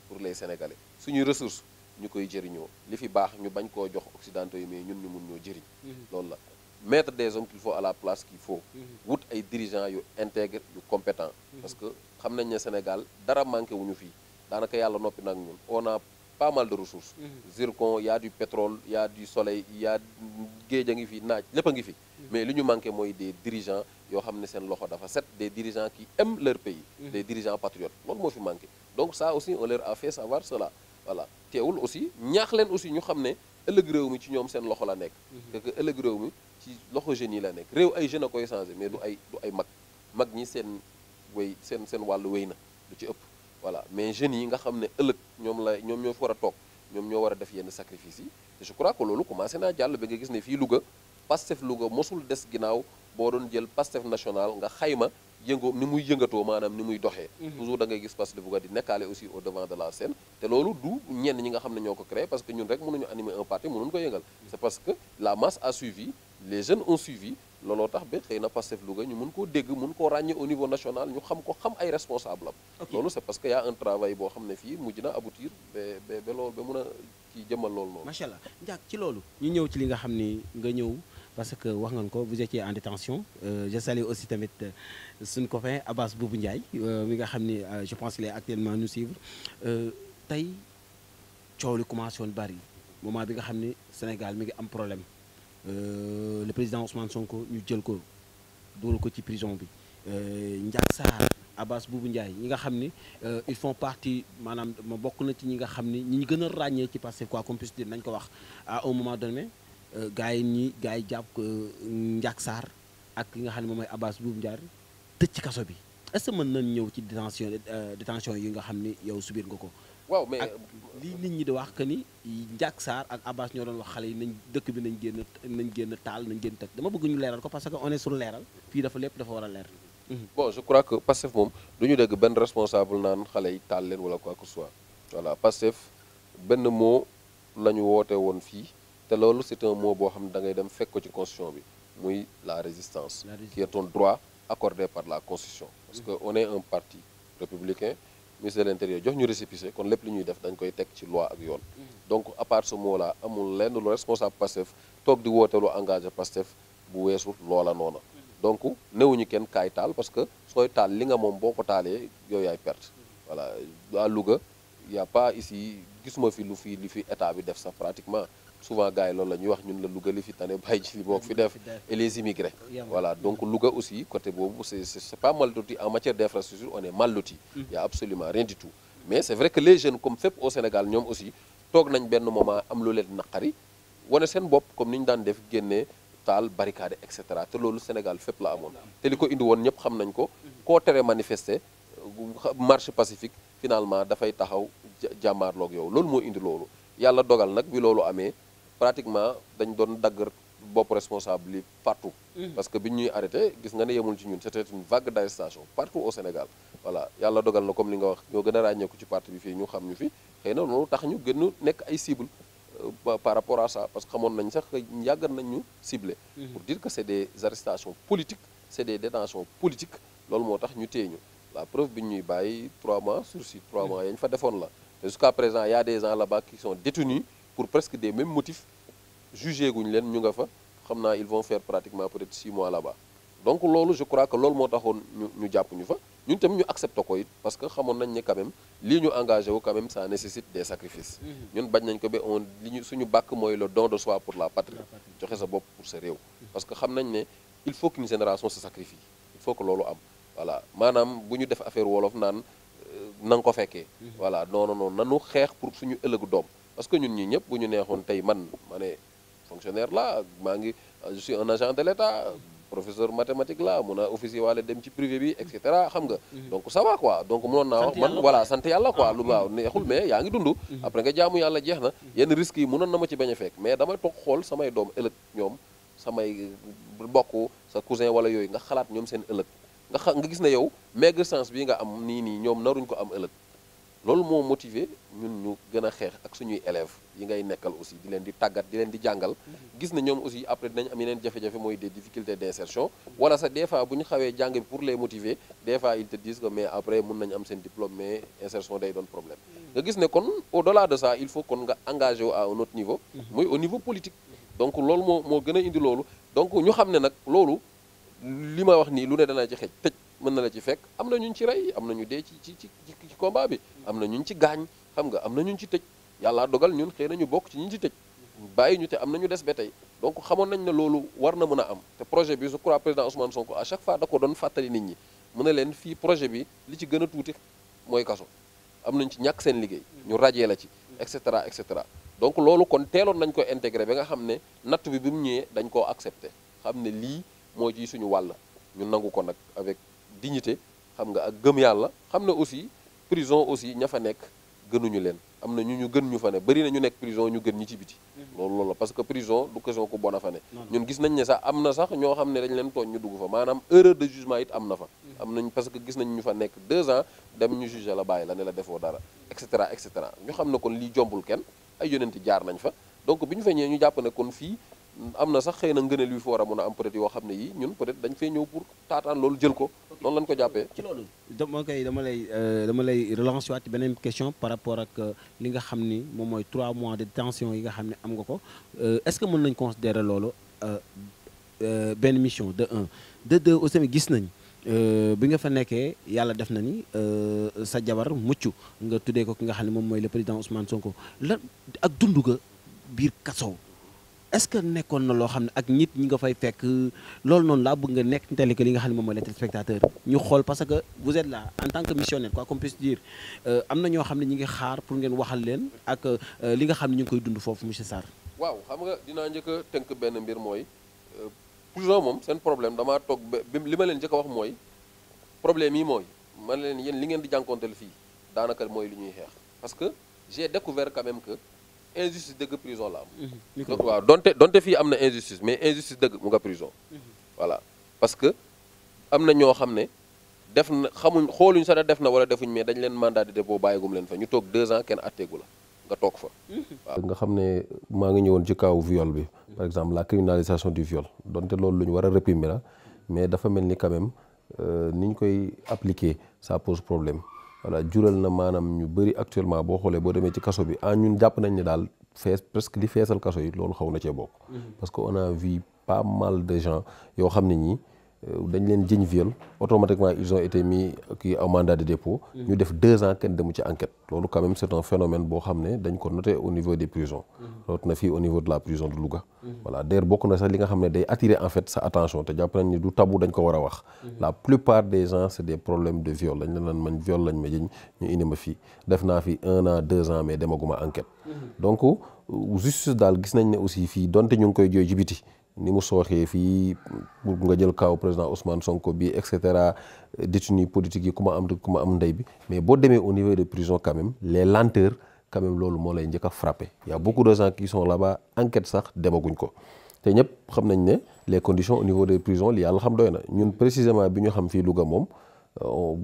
pour les Sénégalais suñuy ressources ñu koy jëriñoo li fi baax ñu bañ koo jox occidentaux yi mais ñun ñu mun ñoo jëriñ mhm. loolu la mettre des hommes qu'il faut à la place qu'il faut mhm. wut ay dirigeants yu intègre yu compétent mhm. parce que xam nañ ne Sénégal dara manqué wu fii daanaka yàlla noppi nag ñun on a pas mal de ressources mhm. zircon y a du pétrole yaa du soleil y a géej a ngi fi naaj lépp a ngi fi mais li ñu manqué mooy des dirigeants yoo xam ne seen loxo dafa set des dirigeants qui aiment leur pays des dirigeants patriotes loolu moo fi manqué donc ça aussi on leur a fait savoir cela voilà teewul aussi ñaax leen aussi ñu xam ne ëllëg réew mi ci ñoom loxo la nekk que ëllëg ci loxo jeunes yi la nekk réew ay jeunes a koy changé mais du ay du ay mag mag ñi seen wéy seen seen wàllu na du ci ëpp voilà mais jeunes yi nga xam ne ëllëg ñoom la ñoo fi war a toog ñoom ñoo war a def yenn sacrifice yi te je crois que loolu commencé naa jàll ba nga gis ne fii Louga Pastef Louga mosul des ginnaaw boo doon jël Pastef national nga xayma ni muy yëngatoo maanaam ni muy doxee mhm. toujours da ngay gis Pastef Louga di nekkaale aussi au devant de la scène ne ñoo ko créé parce les jeunes ont suivi looloo tax ba xëy na Pastef Louga ñu mun koo dégg mun koo ràññee au niveau national ñu xam ko xam ay responsable am loolu c'est parce que y un travail boo xam ne fii mujj na aboutir ba ba ba ba mun a kii jëmal loolu noonu macha allah njaag ci loolu ñu ñëw ci li nga xam ni nga ñëw parce que wax ngeen ko vous étiez en détention euh, je salue aussi tamit euh, suñu copain Abbas Boubou Ndiaye euh, mi nga xam ni je pense qu'il est actuellement nous suivre tey coow commencé woon bari moment bi nga xam ni Sénégal mi ngi am problème Euh, le président Ousmane Sonko ñu jël ko dugal ko ci prison bi euh, Ndiak Sarr Abbas Boubou Ndiaye ñi nga xam ni euh, il font partie maanaam ma bokk na ci ñi nga xam ni ñi ñu gën a ràññee ci Pastef quoi comme dire nañ ko wax à un moment donné gars yi ñi gars yi jàpp Ndiak saar ak ki nga xam ne moom mooy Abbas Boubou Ndiaye tëj ci kaso bi est-ce mën nañ ñëw ci détention détention yi nga xam ni yow subir nga ko waaw mais li nit ñi di wax que ni Ndiak Sarr ak Abbas ñoo doon wax xale yi nañ dëkk bi nañ génn nañ génn taal nañ génn tëj dama bëgg ñu leeral ko parce que on est leeral fii dafa lépp dafa war a leer. bon je crois que Pastef moom du ñu dégg benn responsable naan xale yi taal leen wala quoi que ce soit voilà Pastef benn moo la ñu woote woon fii te loolu c'est un moo boo xam ne da ngay dem fekk ko ci constitution bi muy la résistance qui est un droit accordé par la constitution parce que on est parti républicain ministère de l'intérieur jox ñu récépissé kon lépp li ñuy def dañ koy teg ci loi ak yoon donc à part ce mot là amul lenn lu responsable Pastef toog di woote lu engagé Pastef bu weesu loola noona donc newuñu kenn kaay taal parce que sooy taal li nga moom boo ko taalee yow yaay perte voilà à Louga y a pas ici gisuma fi lu fi li fi état bi def sax pratiquement souvent gars yi loolu la ñuy wax ñun la Louga li fi tane bàyyi ci li bokk fi def et les immigrés voilà donc Louga aussi côté boobu c'est c'est pas mal loti en matière d'infrastructure on est mal loti mm. il y a absolument rien du tout mais c'est vrai que les jeunes comme fépp au Sénégal ñoom aussi toog nañ benn moment am lu leen naqari wane seen bopp comme ni ñu daan def génne taal barricade et cetera te loolu Sénégal fépp la amoon mm. te li ko indi woon ñëpp xam nañ ko mm. koo tere manifester marche pacifique finalement dafay taxaw jàmmaarloog yow loolu moo indi loolu yàlla dogal nag bi loolu amee pratiquement dañ doon dagg bopp responsable yi partout. Mm. parce que bi ñuy arrêté gis nga ne yemul ci ñun c'était une vague d'arrestation partout au Sénégal. voilà yàlla dogal na comme li nga wax ñoo gën a ràññeeku ci parti bi fii ñu xam ñu fi xëy na loolu tax ñu gën a nekk ay cible euh, par rapport à ça parce que xamoon nañ sax yàgg nañ ñu ciblé. Mm. pour dire que c'est des arrestations politiques c'est des détentions politiques loolu moo tax ñu téye ñu la preuve bi ñuy bàyyi 3 mois sursis 3 mm. mois yañ fa defoon la te jusqu'à a des gens là-bas qui pour presque des mêmes motifs jugé guñ leen ñu nga fa xam naa il vont faire pratiquement peut mois là-bas donc loolu je crois que loolu moo taxoon ñu ñu jàpp ñu fa ñu tamit ñu accepté ko it parce que xamoon nañ ne quand lii ñu engagé wu quand même ça nécessite des sacrifices mm-hmm. ñun bañ nañ ko ba on li ñu suñu bàkk mooy le don de soi pour la patrie joxe sa bopp pour sa réew mm-hmm. parce que xam nañ ne il faut qu'une génération se sacrifie il faut que loolu am voilà maanaam bu ñu def affaire wolof naan euh, na nga ko fekkee mm-hmm. voilà non non non nanu xeex pour suñu ëllëgu doom parce que ñun ñi ñëpp bu ñu neexoon tey man ma ne fonctionnaire la maa ngi je suis un agent de l'État professeur mathématique la mun a officier waale dem ci privé bi et xam nga mhm. donc ça va donc mënoon naa wax man voilà sant yàlla quoi ah. lu waaw neexul mais yaa ngi dund mhm. après nga jaamu yàlla jeex na mhm. yenn risque yi mënoon na ma ci bañ a fekk mais damay toog xool samay doom ëllëg ñoom samay bokk sa cousin wala yooyu nga xalaat ñoom seen ëllëg nga xa nga gis ne yow maigre sens bi nga am nii nii ñoom naruñ ko am ëllëg loolu moo motiver ñun ñu gën a xeex ak suñuy élèves yi ngay nekkal aussi di leen di tàggat di leen di jàngal gis na ñoom aussi après dinañ am yeneen jafe-jafe mooy des difficultés d'insertion wala sax des fois bu ñu xawee jàng bi pour les motiver des fois te disent mais après mun nañu am seen diplôme mais insertion day doon problème nga gis ne kon au-delà de ça il faut kon nga engagé wu à un autre niveau muy au niveau politique donc loolu moo moo gën a indi loolu donc ñu xam ne nag loolu li ma wax nii lu ne danaa ci xej tëj mën na la ci fekk am na ñun ci rey am na ñu dee ci ci ci combat bi am na ñun ci gaañ xam nga am na ñun ci tëj yàlla dogal ñun xëy na ñu bokk ci ñu ci tëj bàyyi ñu te am na ñu des ba tey donc xamoon nañ ne loolu war na mën a am te projet bi je crois président Ousmane Sonko à chaque fois da ko doon fàttali nit ñi mu ne leen fii bi li ci gën a tuuti mooy kaso am nañ ci ñàkk seen liggéey ñu rajee la ci et cetera et cetera donc loolu kon teeloon nañ ko intégré ba nga xam ne natt bi bi mu ñëwee dañ koo accepté xam ne lii moo ji suñu wàll ñu nangu ko nag avec dignité xam nga ak gëm yàlla xam na aussi prison aussi ña fa nekk gënuñu leen am na ñu ñu gën ñu fa ne bëri na ñu nekk prison ñu gën ñi ci biti mhm. loolu loolu parce que prison du question ku bon a fa ne ñun gis nañ ne sax am na sax ñoo xam ne dañ leen tooñ ñu dugg fa maanaam erreur de jugement it am na fa mhm. am nañ parce que gis nañ ñu fa nekk deux ans dem ñu jugé la bàyyi la ne la defoo dara et cetera et cetera ñu xam ne kon lii jombul kenn ay yonenti jaar n fa donc bi ñu feeñee ñu am na sax xëy na ngëneel yu fi war a mën a am peut-être yoo xam ne yi ñun peut-être dañ fee ñëw pour taataan loolu jël ko noonu lañ ko jàppee ci loolu dama koy dama lay euh, dama lay relancer waat beneen question par rapport ak euh, li nga xam ni moom mooy trois mois de tension yi nga xam ne am nga ko euh, est-ce que mën nañ considérer loolu benn mission de un de deux aussi gis nañ bi nga fa nekkee yàlla def na ni sa jabar mucc nga tuddee ko ki nga xam ne moom mooy le président Ousmane Sonko lan ak dund ga biir kaso est-ce que nekkoon na loo xam ne ak nit ñi nga fay fekk loolu noonu laa bëgg nga nekk telle que li nga xam ne moom mooy les téléspectateurs ñu xool parce que vous êtes euh, am na ñoo xam ne ñi ngi xaar pour ngeen waxal leen ak euh, li nga xam ne ñu ngi koy dund foofu monsieur Sarr waaw xam nga dinaa njëkk a tënk benn mbir mooy euh, toujours moom seen problème damaa toog ba li ma leen njëkk wax mooy problème yi mooy man leen yéen li ngeen di jànkonteel fii daanaka mooy li ñuy xeex parce que j'ai découvert quand même injustice dëgg prison la am mhm. waaw donte donte fii am na injustice mais injustice dëgg mu nga prison mhm. voilà parce que am na ñoo xam ne def na xamuñ xooluñ sax def na wala defuñ mais dañ leen mandat de dépôt bàyyigum leen fa ñu toog deux ans kenn atteegu la nga toog fa mhm. waaw nga xam ne maa ngi ñëwoon ci kaw viol bi par exemple la criminalisation du viol donte loolu lu ñu war a réprimer la mais dafa mel ni quand même euh, ni ñu koy appliquer ça pose problème voilà jural na maanaam ñu bëri actuellement boo xoolee boo demee ci kaso bi ah ñun jàpp nañ ne daal fees presque li feesal kaso yi loolu xaw na cee bokk. Mm-hmm. parce que on a vu pas mal de gens yoo xam ne ñii. Euh, dañ leen jëñ viol automatiquement ils ont été mis kii en mandat de dépôt. Mm. ñu def deux ans kenn demu ci enquête. loolu quand même un phénomène boo xam ne dañ ko noté au niveau des prisons. noté mm. na fii au niveau de la prison de Louga. Mm. voilà d'ailleurs bokk na sax li nga xam ne day attirer en fait sa attention te jàpp nañ du tabou dañ ko war a wax. la plupart des gens c' est des problèmes de viol dañ leen man viol lañ ma jëñ ñu indi ma fii def naa fi un an deux ans mais demaguma enquête. donc euh, daal gis nañ ne aussi fii donte ñu ngi koy jooy ci biti ni mu sooxee fii pour nga jël kaaw président Ousmane Sonko bi et cetera détenu politique yi ku ma am ku ma am ndey bi mais boo demee au niveau des prison quand même les lenteurs quand même loolu moo lay njëkk a frappé y a beaucoup de gens qui sont là enquête sax demaguñ ko te ñëpp xam nañ ne les conditions au niveau des prison li yàlla xam doy na ñun précisément bi ñu xam fii Louga moom euh,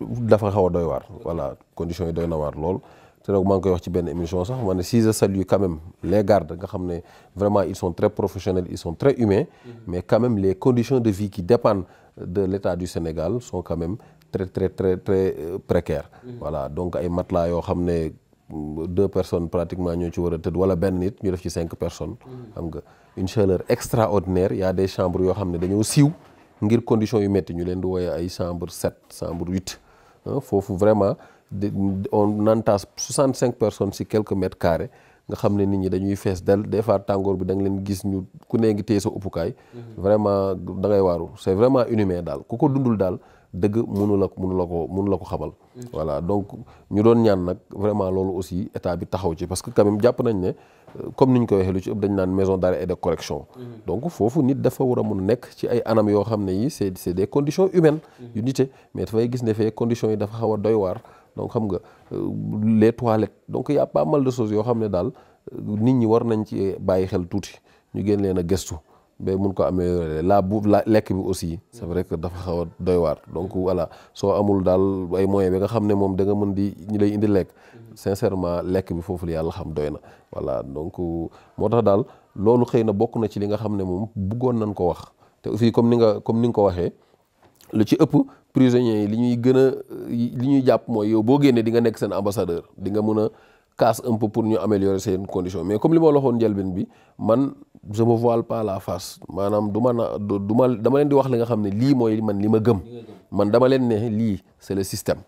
dafa xaw doy waar voilà conditions yi doy na waar lool keroog maa ngi koy wax ci benn émission sax ma ne si je salue quand même les gardes nga xam ne vraiment ils sont très professionnels ils sont très humains mm-hmm. mais quand même les conditions de vie qui dépendent de l'État du Sénégal sont quand même très très très très euh, précaires mm-hmm. voilà donc ay matela yoo xam ne mm, deux personnes pratiquement ñoo ci war a tëdd wala benn nit ñu def ci cinq personnes mm-hmm. xam nga une chaleur extraordinaire il y a des chambres yoo xam ne dañoo siiw ngir conditions yu métti ñu leen di wooye ay chambre sept chambre huit foofu vraiment on entasse cinq personnes si quelques mètres carrés nga xam ne nit ñi dañuy fees del des fois tàngoor bi da leen gis ñu ku nee ngi téye sa uppukaay. Mhm. vraiment da ngay waaru c'est vraiment inhumain daal ku ko dundul daal dëgg mënu la mënu la ko mënu la ko xamal. Mhm. voilà donc ñu doon ñaan nag vraiment loolu aussi état bi taxaw ci parce que quand même jàpp nañ ne euh, comme ni ñu koy waxee lu ci ëpp dañ naan maison d'arrêt et de correction. Mhm. donc foofu nit dafa war a mun nekk ci ay anam yoo xam ne yi des conditions humaines. yu nite mais dafay gis ne fee conditions yi dafa xaw a doy waar. donc xam nga euh, les toilettes donc y a pas mal de choses yoo xam ne daal euh, nit ñi war nañ ci bàyyi xel tuuti ñu génn leen a gëstu ba mun ko amee la bu la lekk bi aussi c' est vrai que dafa xaw a doy waar donc voilà soo amul daal ay moyens bi nga xam ne moom da nga mën di ñu lay indi lekk sincèrement lekk bi foofu la yàlla xam doy na voilà donc euh, moo tax daal loolu xëy na bokk na ci li nga xam ne moom bëggoon nañ ko wax te aussi comme ni nga comme ni nga ko waxee ëpp prisonniers yi li ñuy gën li ñuy jàpp mooy yow boo génnee di nga nekk seen ambassadeur di nga mën a casse un peu pour ñu améliorer seen condition mais comme li ma la waxoon njëlbeen bi man je me voile pas la face maanaam du ma na du ma dama leen di wax li nga xam ne lii mooy man li ma gëm man dama leen ne lii c'est le système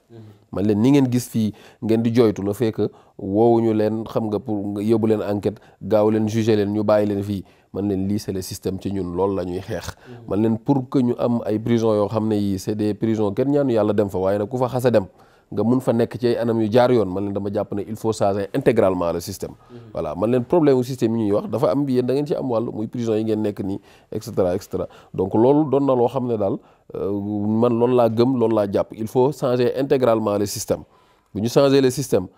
man leen ni ngeen gis fii ngeen di joytu la fekk woowuñu leen xam nga pour yóbbu leen enquête gaaw leen juger leen ñu bàyyi leen fii man leen lii c'est le système ci ñun loolu la ñuy xeex man leen pour que ñu am ay prison yoo xam ne yii c'est des prisons kenn ñaanu yàlla dem fa waaye nag ku fa xasa dem nga mun fa nekk ci anam yu jaar yoon man leen dama jàpp ne il faut changer intégralement le système mm-hmm. voilà man leen problème wu système wax dafa am bi yéen da wàll muy prison yi ngeen nekk nii et cetera et cetera donc loolu doon na loo xam ne daal euh, man loolu laa gëm loolu laa jàpp il faut changer intégralement le système bu ñu changer le système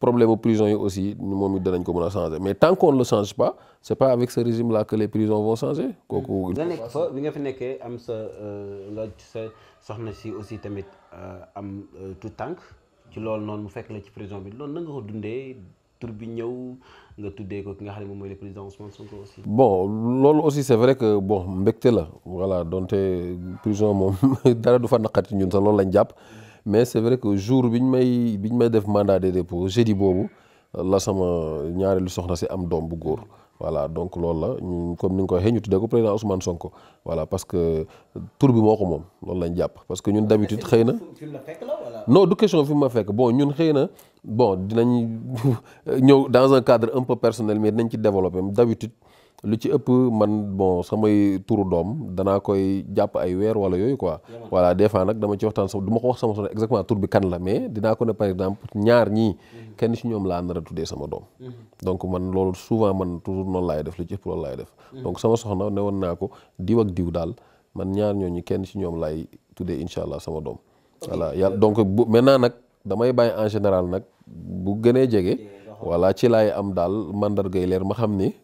problème prison yi aussi moom it danañ ko mën a changer mais tant qu'on ne le change pas c'est pas avec ce régime là que les sa euh, nga sa si aussi tamit euh, am euh, tout tànk loolu noonu mu fekk la ci prison bi loolu na nga dundee tur bi ñëw nga tuddee ko ki nga xam ne moom mooy le président Ousmane Sonko aussi. bon loolu aussi c'est vrai que bon mbégte la voilà donte prison moom dara du fa naqati ñun sax loolu lañ jàpp mais c'est vrai que jour bi ñu may bi ñu may def mandat de dépôt jeudi boobu la sama ñaareelu soxna si am doom bu góor voilà donc loolu la ñu comme ni nga ko waxee ñu tuddee ko président Ousmane Sonko voilà parce que tur bi moo ko moom loolu lañ jàpp parce que ñun d'habitude xëy na non du question fi ma fekk bon ñun xëy na bon dinañ ñëw dans un cadre un peu personnel mais dinañ ci développer d'habitude lu ci ëpp man bon samay turu doom danaa koy jàpp ay weer wala yooyu quoi. voilà des fois nag dama ci waxtaan sama du ma ko wax sama soxna exactement tur bi kan la mais dinaa ko ne par exemple ñaar ñii. Mhm. kenn ci ñoom laa nar tuddee sama doom. Mhm. donc man loolu souvent man toujours noonu laay def lu ci laay def. Mhm. donc sama soxna ne woon naa ko diw ak diw man ñaar ñooñu kenn ci ñoom laay tuddee incha allah sama doom. voilà yàlla donc bu maintenant nag damay bàyyi en général nag bu gënee jege. voilà ci laay am daal mandarga leer ma xam ni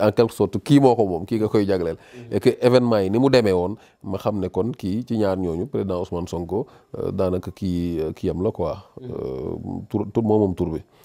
en quelque sorte kii moo ko moom kii nga koy jagleel. et que événement yi ni mu demee woon ma xam ne kon kii ci ñaar ñooñu président Ousmane Sonko euh, daanaka kii euh, kii yam la quoi. Euh, tur tur moo moom tur bi.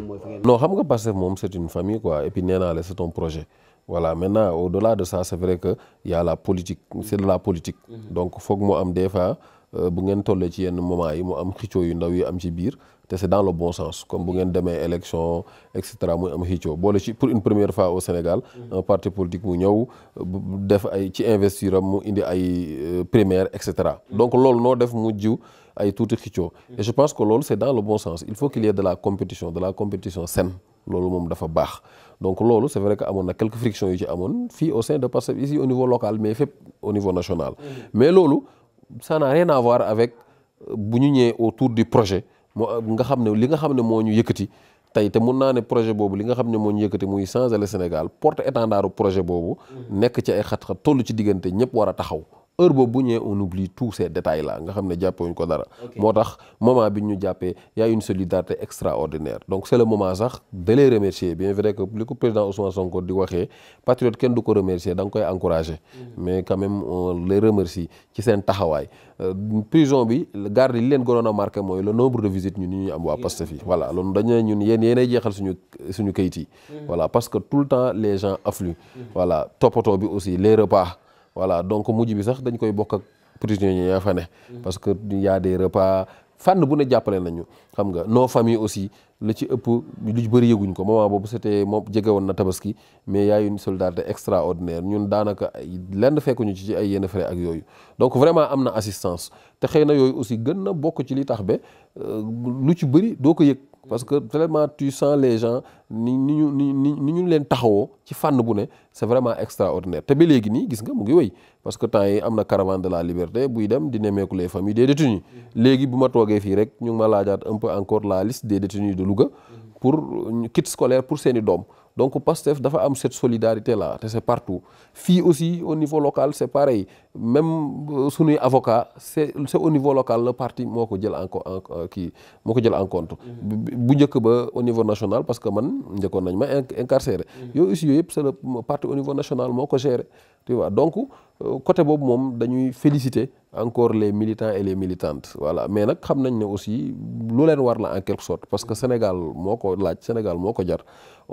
moom mooy fi ngeen. non xam nga Pastef moom c' est une famille quoi et puis nee naa la projet voilà maintenant au delà de ça c' est que y' la politique c' de la politique. Mhm. donc foog mu am des fois euh, bu ngeen tollee ci yenn moment yi mu am xëccoo yu ndaw yi am ci biir te c' est dans le bon sens comme bu ngeen demee élection et cetera muy am xëccoo boole ci pour une première fois au Sénégal. Mhm. un politique mu ñëw def ay ci investiram mu indi ay euh, primaire et cetera. Mhm. donc loolu noo def mu ay tuuti xicco mm. et je pense que loolu c'est dans le bon sens il faut qu'il y ait de la compétition de la compétition saine loolu moom dafa baax donc loolu c'est vrai que amoon na quelques frictions yu ci amoon fii au sein de Pastef ici au niveau local mais fépp au niveau national mm. mais loolu saana n'a rien à voir avec euh, bu ñu ñëwee autour du projet moo euh, nga xam ne li nga xam ne moo ñu yëkkati tey te mun naa ne projet boobu li nga xam ne moo ñu yëkkati muy changer le Sénégal porte étendard projet boobu mm. nekk ci ay xat-xat ci diggante ñëpp war taxaw heure boobu bu ñëwee on oublie tous ces détails là nga xam ne jàppewuñ ko dara. moo tax moment bi ñu jàppee y a une solidarité extraordinaire donc c' moment sax de les remercier bien vrai que li ko président Ousmane Sonko di waxee patriote kenn du ko remercier da nga koy encourager. Mm. mais quand même on ci seen taxawaay euh, prison bi garde li leen gënoon a marqué mooy le nombre de visites ñun ñu am waa Pastef yi voilà loolu dañu ñun yéen yéenay jeexal suñu suñu kayit yi. Mm. voilà parce que tout le temps les gens affluent. Mm. toppatoo bi aussi les repas. voilà donc mujj bi sax dañ koy bokk ak prisonniers yaa fa ne. parce que y a des repas fànn bu ne jàppale nañu xam nga noo familles aussi la ci ëpp lu bëri yëguñ ko moment boobu setee moom jege woon na tabaski mais y a une solidarité extraordinaire ñun daanaka lenn fekkuñu ci ay yenn frais ak yooyu donc vraiment am na assistance te xëy na yooyu aussi gën na bokk ci li tax ba euh, lu ci bëri doo ko yëg. parce que vraiment tu sens les gens ni ni ñu ni ni ñu leen taxawoo ci fànn bu ne c'est vraiment extraordinaire te ba léegi nii gis nga mu ngi wéy parce que temps yi am na caravane de la liberté buy dem di nemmeeku les familles des détenus léegi bu ma toogee fii rek ñu ngi ma laajaat un peu encore la liste des détenus de Louga pour kit scolaire pour seeni doom donc PASTEF dafa am cette solidarité là te c'est partout fii aussi au niveau local c'est pareil même euh, suñuy avocat c'est c'est au niveau local le parti moo ko jël en euh, kii moo ko jël en mm-hmm. bu njëkk ba au niveau national parce que man njëkkoon nañ ma incarcéré. Mm-hmm. yooyu aussi yooyu yëpp c'est le parti au niveau national moo ko géré tu vois donc euh, côté boobu moom dañuy féliciter encore les militants et les militantes voilà mais nag xam nañ ne aussi lu leen war la en quelque sorte parce que mm-hmm. Sénégal moo ko laaj Sénégal moo ko jar.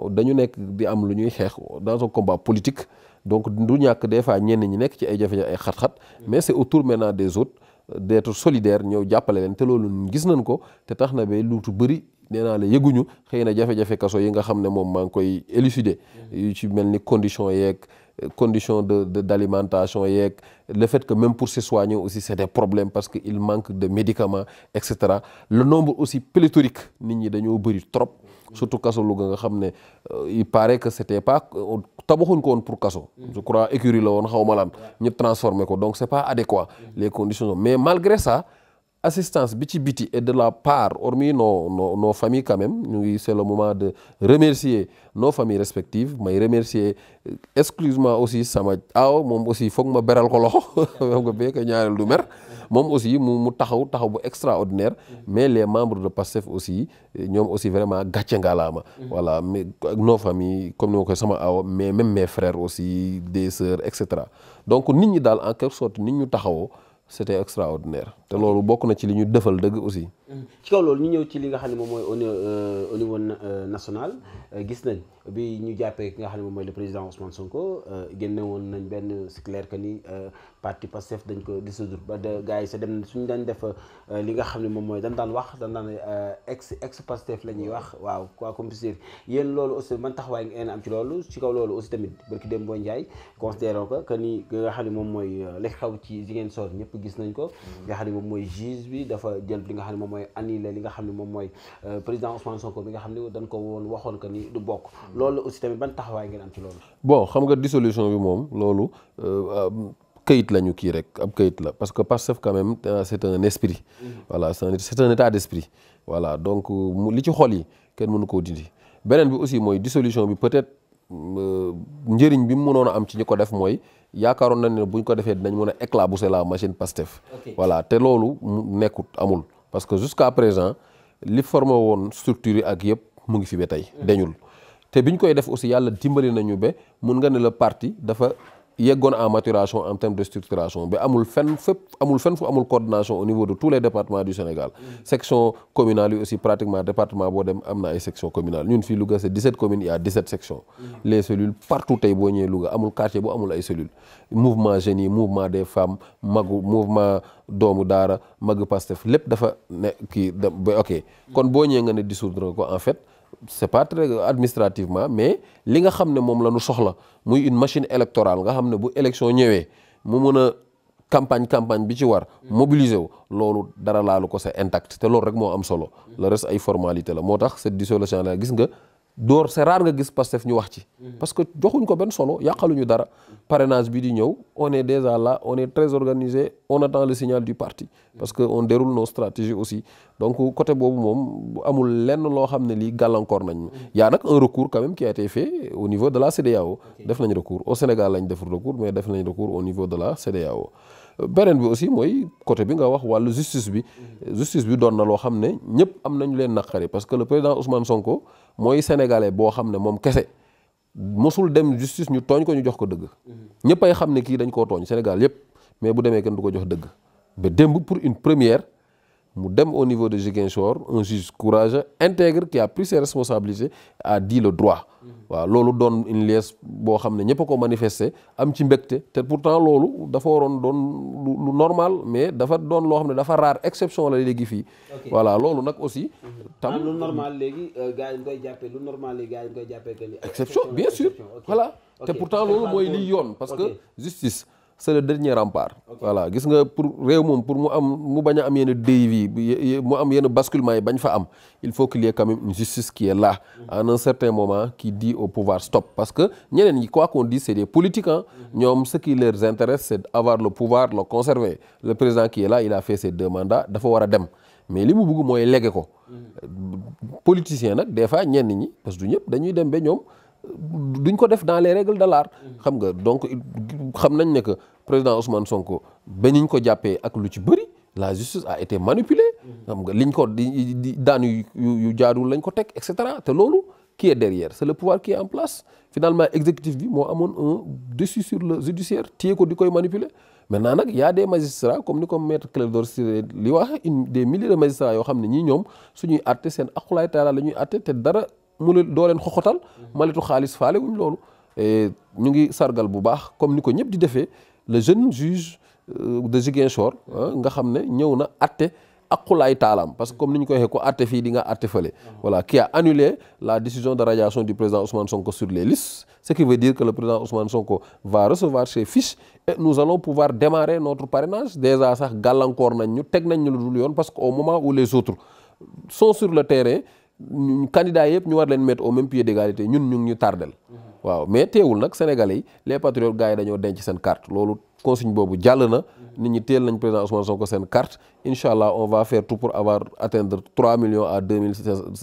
dañu nekk di am lu ñuy xeex dans un combat politique donc du ñàkk des fois ñenn ñi nekk ci ay jafe-jafe ay xat-xat mais c'est au tour des autres euh, d'être solidaire ñëw jàppale leen te loolu gis nañ ko te tax na ba lu bëri nee naa la yëguñu xëy na jafe-jafe kaso yi nga xam ne moom maa ngi koy élucider mmh. yu ci mel ni condition yeeg euh, condition de de d'alimentation yeeg le fait que même pour se soigner aussi c'est des problèmes parce que il manque de médicaments et cetera nombre aussi pléthorique nit ñi dañoo bëri trop surtout kaso Louga nga xam ne euh, il paraît que c'était pas euh, tabaxuñ ko woon pour kaso mm. je crois écurie la woon xaw ma lan ñu transformé ko donc c'est pas adéquat mm. les conditions mais malgré ça assistance bi ci biti et de la part hormis nos nos nos familles quand même ñu ngi c'est le moment de remercier nos famille respectives may remercier euh, exclusivement aussi sama aw moom aussi foog ma beral ko loxo xam nga bee ko ñaareel du mer moom aussi mu mu taxaw taxaw bu extraordinaire mm-hmm. mais les membres de Pastef aussi ñoom aussi vraiment gàcce ngalaama mm-hmm. voilà mais nos familles comme ni ma ko sama aw mais même mes frères aussi des sœurs et cetera donc nit ñi daal en quelque sort nit ñu taxawoo c'était extraordinaire te loolu bokk na ci li ñu defal dëgg aussi. Mm-hmm. ci kaw loolu ñu ñëw ci li nga xam ne moom mooy au euh, niveau euh, national euh, gis nañ bi ñu jàppee ki nga xam ne moom mooy le président Ousmane Sonko génne woon nañ benn c'est clair que ni parti Pastef dañ ko dissoudre ba de gars yi sa dem suñu daan def euh, li nga xam ne moom mooy dañ daan wax dañ daan euh, ex ex Pastef la ñuy wax waaw quoi comme Pastef loolu aussi tamit barki nga xam ne moom mooy euh, li bi dafa jël li nga xam ne moom mooy annulé li nga xam ne moom mooy président Ousmane Sonko bi nga xam ne dañ ko woon waxoon que ni du bokk loolu aussi tamit ban taxawaay ngeen am ci loolu bon xam nga dissolution bi moom loolu këyit la ñu kii rek ab këyit la parce que Pastef quand même euh, c'est un esprit mhm. voilà c'est un état d'esprit voilà donc li ci xol yi kenn mënu koo dindi beneen bi aussi mooy dissolution bi peut-être euh, njëriñ bi mu mënoon am ci ñi ko def mooy yaakaaroon nañ ne buñ ko defee dañ mën a éclabousser la machine Pastef voilà te loolu nekkut amul parce que jusqu'à présent li formé woon structure yi ak yëpp mu ngi fi ba tey mhm. dañul te biñ koy def aussi yàlla dimbali nañu ba mun nga ne la yeggoon en maturation en termes de structuration ba amul fen fépp amul fenn fu amul coordination au niveau de tous les départements du Sénégal section communale yi aussi pratiquement département boo dem am na ay section communale ñun fii Louga c'est 17 communes il y a 17 sections les cellules partout tey boo ñëwee Louga amul quartier bu amul ay cellules mouvement jeunes yi mouvement des femmes magu mouvement doomu daara magu Pastef lépp dafa ne kii ba ok kon boo ñëwee nga ne dissoudre ko en fait c'est pas très administrativement mais li nga xam ne moom la nu soxla muy une machine électorale nga xam ne bu élection ñëwee mu mën a campagne campagne bi ci war mobiliser wu loolu dara laalu ko sa intact te loolu rek moo am solo le reste ay formalité la moo tax cette dissolution la gis nga door c'est rare nga gis Pastef ñu wax ci. Mm. parce que joxuñ ko benn solo yàqaluñu dara. parrainage bi di ñëw on est à là on est très organisé on attend le signal du parti. parce que on déroule nos stratégies aussi donc côté boobu moom amul lenn loo xam ne lii gàllankoor nañ. yaa mm. a nag un recours quand même qui a été fait au niveau de la CEDEAO. def nañ recours au Sénégal lañ def recours mais def nañ recours au niveau de la CEDEAO. beneen bi aussi mooy côté bi nga wax wàllu justice bi justice bi doon na loo xam ne ñëpp am nañu leen naqari parce que le président Ousmane Sonko mooy sénégalais boo xam ne moom kese mosul dem justice ñu tooñ ko ñu jox ko dëgg ñëpp ay xam ne kii dañ koo tooñ Sénégal yëpp mais bu demee kenn du ko jox dëgg ba démb pour une première mu dem au niveau de Ziguinchor un juge courageux intègre qui a pris ses responsabilités a dit droit waaw loolu doon une liesse boo xam ne ñëpp a ko manifester am ci mbégte te pourtant loolu dafa waroon doon lu normal mais dafa doon loo xam ne dafa rare exception la léegi fii voilà loolu nag aussi mhm. tam ah, lu normal léegi euh, gars yi ñu koy jàppee lu normal léegi gars yi exception bien sûr voilà te pourtant loolu mooy liy yoon parce que justice c'est le dernier rempart voilà gis nga pour réew moom pour mu am mu bañ am yenn dévies mu am yenn basculement yi bañ fa am il faut qu'il y ait quand même une justice qui est là à mm-hmm. un certain moment qui dit au pouvoir stop parce que ñeneen ñi quoi qu'on dise c'est des politiques ah ñoom ce qui leur c'est avoir le pouvoir le conserver le président qui est là il a fait ses deux dafa war a dem mais li mu bëgg mooy légué ko mm-hmm. politicien nag des fois ñenn ñi parce ñëpp dañuy dem ba ñoom duñ ko def dans les règles de l'art xam nga donc xam nañ ne que président Ousmane Sonko ba ñu ko jàppee ak lu ci bëri la justice a été manipulée. xam nga liñ ko di daan yu yu jaarul lañ ko teg et cetera te loolu qui est derrière c'est le pouvoir qui est en place finalement exécutif bi moo amoon un dessus sur le judiciaire téye ko di koy manipuler. maintenant nag y a des comme ni ko maître Clédor Ciré li wax une des milliers de magistrats yoo xam ne ñii ñoom suñuy àtte seen la ñuy àtte te dara. mu leen doo leen xoxotal maletu xaalis faale wuñ loolu ñu ngi sargal bu baax comme ni ko ñëpp di defee le jeune juge euh, de Ziguinchor nga xam ne ñëw na atte aqulaay taalaam parce que comme ni ñu ko waxee ko atte fii di nga atte fële voilà qui a annulé la décision de radiation du président Ousmane Sonko sur les listes ce qui veut dire que le président Ousmane Sonko va recevoir ses fiches nous allons pouvoir démarrer notre parrainage déjà sax gàllankoor nañ ñu teg nañ ñu lu dul yoon parce que moment où les autres sont le terrain ñu candidats yëpp ñu war leen mettre au même pied d'égalité ñun ñu ngi ñu tardel waaw mais teewul nag sénégalais yi les patriotes gars yi dañoo denc seen carte loolu consigne boobu jàll na nit ñi teel nañ président Ousmane Sonko seen carte incha allah on va faire tout pour avoir atteindre 3 millions à 2 mille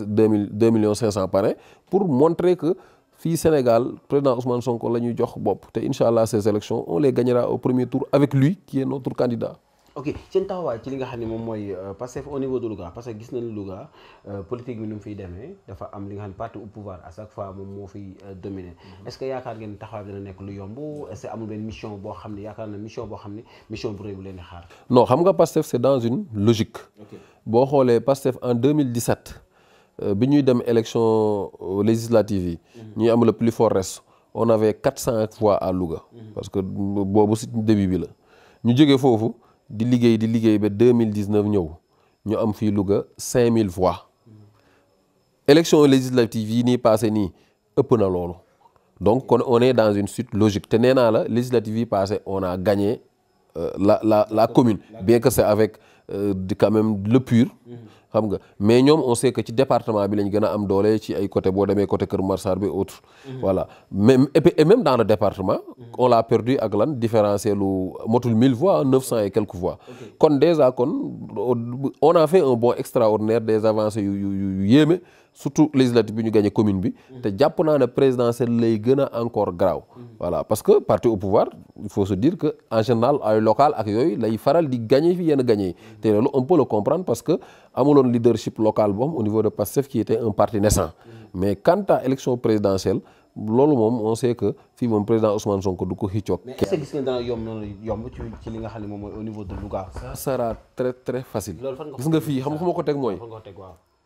2 mille 2 millions 500 parrain pour montrer que fii Sénégal président Ousmane Sonko la ñuy jox bopp te incha allah ces élections on les gagnera au premier tour avec lui ok seen taxawaay ci li nga xam ne moom mooy euh, Pastef au niveau de Louga parce que gis nañu Louga euh, politique bi nu am li nga xam ne à chaque fois moom moo fiy euh, dominer mm-hmm. est-ce que yaakaar ngeen taxawaay bi dina xam ne yaakaar na mission boo xam ne mission bu rëy bu leen di xaar non xam nga Pastef c'est dans une logique boo xoolee Pastef en 2017 bi ñuy yi mm-hmm. ñuy am le plus fort reste on avait 400 voix à Louga mm-hmm. parce que boobu si bi la ñu jógee foofu di liggéey di liggéey ba deux mille dix neuf ñëw ñu am fii Louga cinq mille fois élection législative yi nii passé nii ëpp na loolu donc kon on dans une suite logique te nee naa la législative yi passé on a euh, la la la commune bien que c'est avec euh, di quand même le pur mm-hmm. xam nga mais ñoom on sait que ci département bi lañ gën am doole ci ay côté boo demee côté Kër Marsar bi autre mhm. voilà même et même dans le département mhm. l'a perdu ak lan différentiel lu motul mille voix neuf cent et quelques voix kon déjà kon on a fait un bond extraordinaire des avancées yu yu yu surtout législative bi ñu gagné commune bi te jàpp naa ne présidentielle lay gën a encore graaw voilà parce que parti au pouvoir il faut se dire que en général ay local ak yooyu lay faral di gagné fi yenn gagné yi te loolu on peut le comprendre parce que amuloon leadership local bu am au niveau de PASTEF qui était un parti naissant mais quant à élection présidentielle moom on sait nga dana yomb xam ne moom sera très très facile. ko gis nga fii xam nga fu ko teg mooy.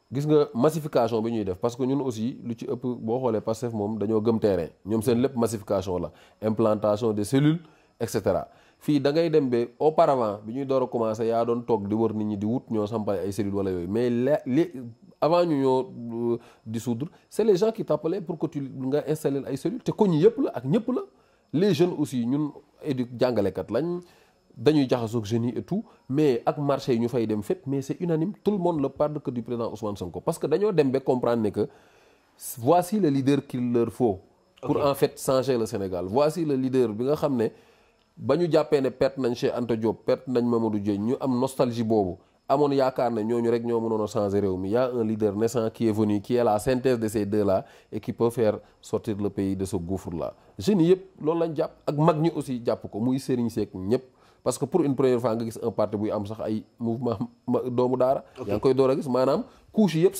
gis nga massification bi ñuy def parce que ñun aussi lu ci ëpp boo xoolee Pastef moom dañoo gëm terrain ñoom seen lépp massification la implantation des cellules et cetera fii da ngay dem ba auparavant bi ñuy door a commencé yaa doon toog di wër nit ñi di wut ñoo sampale ay cellules wala yooyu mais le li avant ñu ñoo euh, dissoudre c' est les gens qui t'appelaient pour que tu nga installer ay cellules te koñ yëpp la ak ñëpp la les jeunes aussi ñun édu jàngalekat lañ. dañuy jaxasoog jeunes yi et mais ak marché yi ñu fay dem fépp mais c'est unanime tout le monde le parle que du président Ousmane Sonko parce que dañoo dem ba comprendre ne que voici le leader qu'il leur faut pour en fait changer le Sénégal voici le leader bi nga xam ne ba ñu jàppee ne pert nañ Cheikh Anta Diop perte nañ Mamadou Dieng ñu am nostalgie boobu amoon yaakaar ne ñooñu rek ñoo mënoon a changer réew mi y a un leader naissant qui est venu qui est la synthèse de ces le pays de ce gouffre là yëpp loolu lañ jàpp ak mag ñi aussi jàpp ko muy Serigne Seck ñëpp parce que pour une première fois nga gis un parti buy am sax ay mouvement doomu daara koy door a gis maanaam couche yëpp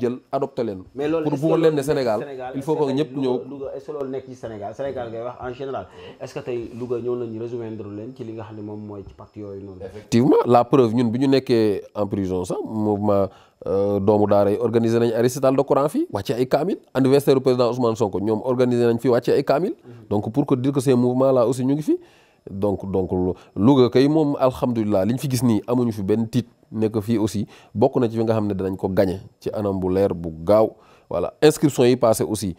jël adopté leen pour bu leen ne Sénégal il faut que ñëpp ñëw Louga est-ce que loolu nekk ci Sénégal Sénégal ngay xam ne moom mooy ci parti yooyu noonu effectivement la preuve ñun bi ñu nekkee en prison sax mouvement euh, doomu daara yi organisé nañ ay récital de Coran fii wàcce ay kaamil anniversaire du président Ousmane mhm. ñu ngi fii donc donc Louga kay moom alhamdulilah li fi gis nii amuñu fi benn tiit nekk fii aussi bokk na ci fi nga xam ne danañ ko gagné ci anam bu leer bu gaaw voilà inscription yi passé aussi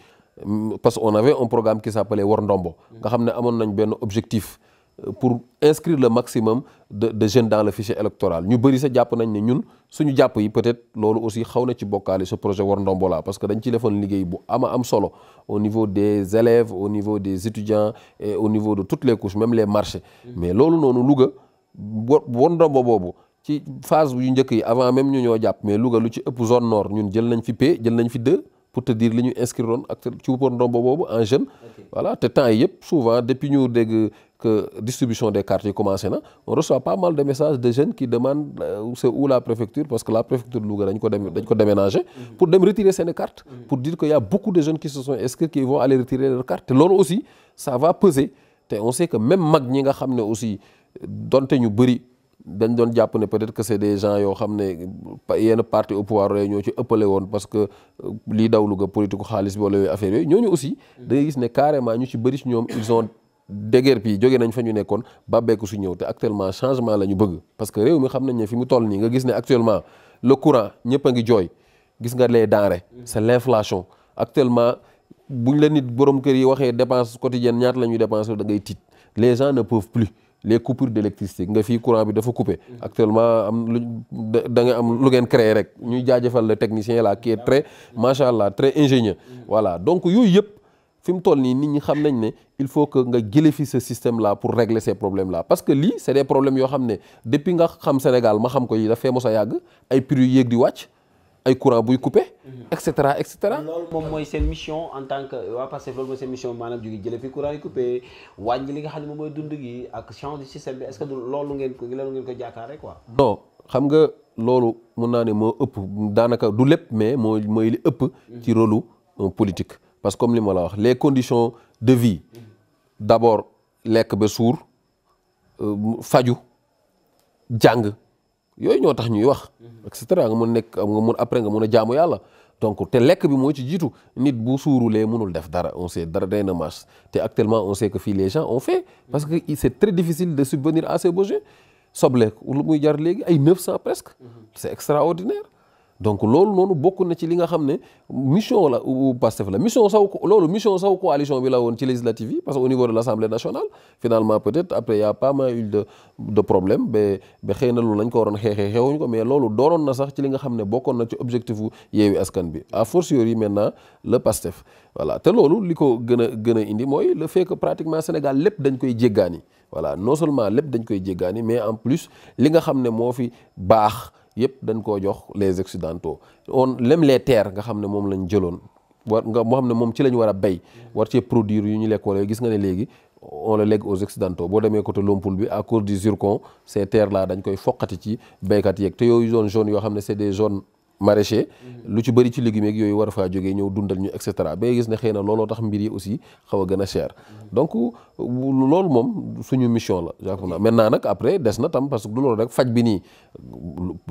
parce que on avait un programme qui s'appelait War Ndombo nga xam ne amoon nañ benn objectif pour inscrire le maximum de de jeunes dans le fichier électoral ñu bëri sa jàpp nañ ne ñun suñu jàpp yi peut-être loolu aussi xaw na ci bokkaale ce projet War Ndombo la parce que dañ ci defoon liggéey bu ama am solo au niveau des élèves au niveau des étudiants et au niveau de toutes les couches même les marchés mm. mais loolu noonu Louga War Ndombo boobu ci phase yu njëkk yi avant même ñu ñoo jàpp mais Louga lu ci ëpp zone nord ñun jël nañ fi P jël nañ fi 2 pour te li ñu inscriroon ak ci War boobu en jeune voilà te temps yëpp souvent depuis ñu que distribution des cartes yi commencé na on reçoit pas mal de messages de jeunes qui demandent euh, c'est où la préfecture parce que la préfecture Louga dañ ko dem pour dem retirer seen cartes pour dire que y beaucoup de jeunes qui se sont inscrits qui vont aller retirer leurs cartes te loolu aussi ça va peser te on sait que mag ñi nga xam ne aussi donte ñu bëri dañ doon jàpp ne peut-être que c'est des gens yoo xam ne yenn parti au pouvoir yooyu ñoo ci ëppale woon parce que euh, lii daw Louga politique xaalis wala yooyu affaire yooyu ñooñu aussi da ngay ñu ci bëri ci ñoom ils déguer bi jóge nañ fa ñu nekkoon bàbbeeku su ñëw te actuellement changement la ñu bëgg parce que réew mi xam nañ fi mu toll nii nga gis ne actuellement le courant ñëpp a ngi jooy gis nga les denrées c'est l'inflation actuellement bu buñ la nit borom kër yi waxee dépense quotidienne ñaata la ñuy dépenser da ngay tiit les gens ne peuvent plus les coupures d'électricité nga fii courant bi dafa coupé actuellement am lu da nga am lu ngeen créé rek ñuy jaajëfal le technicien là qui est macha allah très ingénieux voilà donc yooyu yëpp fi mu toll nii nit ñi xam nañ ne il faut que nga jëlee fi ce système la pour régler ces problèmes là parce que lii c'est des problèmes yoo xam ne depuis nga xam Sénégal ma xam ko yi dafee mos a yàgg ay prix yéeg di wàcc ay courant buy coupé et cetera et cetera moom mooy seen mission en tant que waa Pastef loolu mooy seen mission maanaam jóge jële nga xam ne moom mooy dund gi ak change système bi est-ce que loolu ngeen ko loolu ngeen waa jaakaare xam nga loolu mun naa ne moo ëpp daanaka du lépp mais moo mooy ëpp ci rôle euh, politique parce que comme li ma la wax les conditions de vie d'abord lekk ba suur euh, faju jàng yooyu ñoo tax ñuy wax et cetera nga mun nekk nga mun après nga mun a jaamu yàlla donc te lekk bi moo ci jiitu nit bu suurulee mënul def dara on sait dara day na marche te actuellement on sait fii les gens fait parce que c'est très difficile de subvenir à ces soble lu muy jar léegi ay neuf cent presque c'est extraordinaire donc loolu noonu bokk na ci li nga xam ne mission la Pastef la mission saw loolu mission saw coalition bi la woon ci législative yi parce que au niveau de l'Assemblée nationale finalement peut après y pas mal eu de problème ba ba xëy na loolu lañ ko waroon xeexee xeewuñ ko mais loolu dooroon na sax ci li nga xam ne bokkoon na ci objectif u Yewwi Askan Wi à fortiori maintenant le Pastef voilà te loolu li ko gën a gën a indi mooy le fait pratiquement Sénégal lépp dañ koy jéggaani voilà non seulement lépp dañ koy jéggaani mais en plus li nga xam ne moo fi baax yëpp dañ koo jox les occidentaux on lem les nga xam ne moom lañ jëloon war nga moo xam ne moom ci lañ war a béy war cee produire yu ñu lekkoole wala gis nga ne léegi on la lègue aux occidentaux boo demee côté Lompoul bi à cause du zircon ces terres là dañ koy foqati ci baykat yeeg te yooyu zone jaune yoo xam ne c'est des zones maraîcher lu ci bari ci légumes yeeg yooyu war a faa jógee ñëw dundal ñu et cetera ba gis ne xëy na looloo tax mbir yi aussi xaw a gën a cher donc loolu moom suñu mission la jàpp naa maintenant nag après des na tam parce que du loolu rek faj bi nii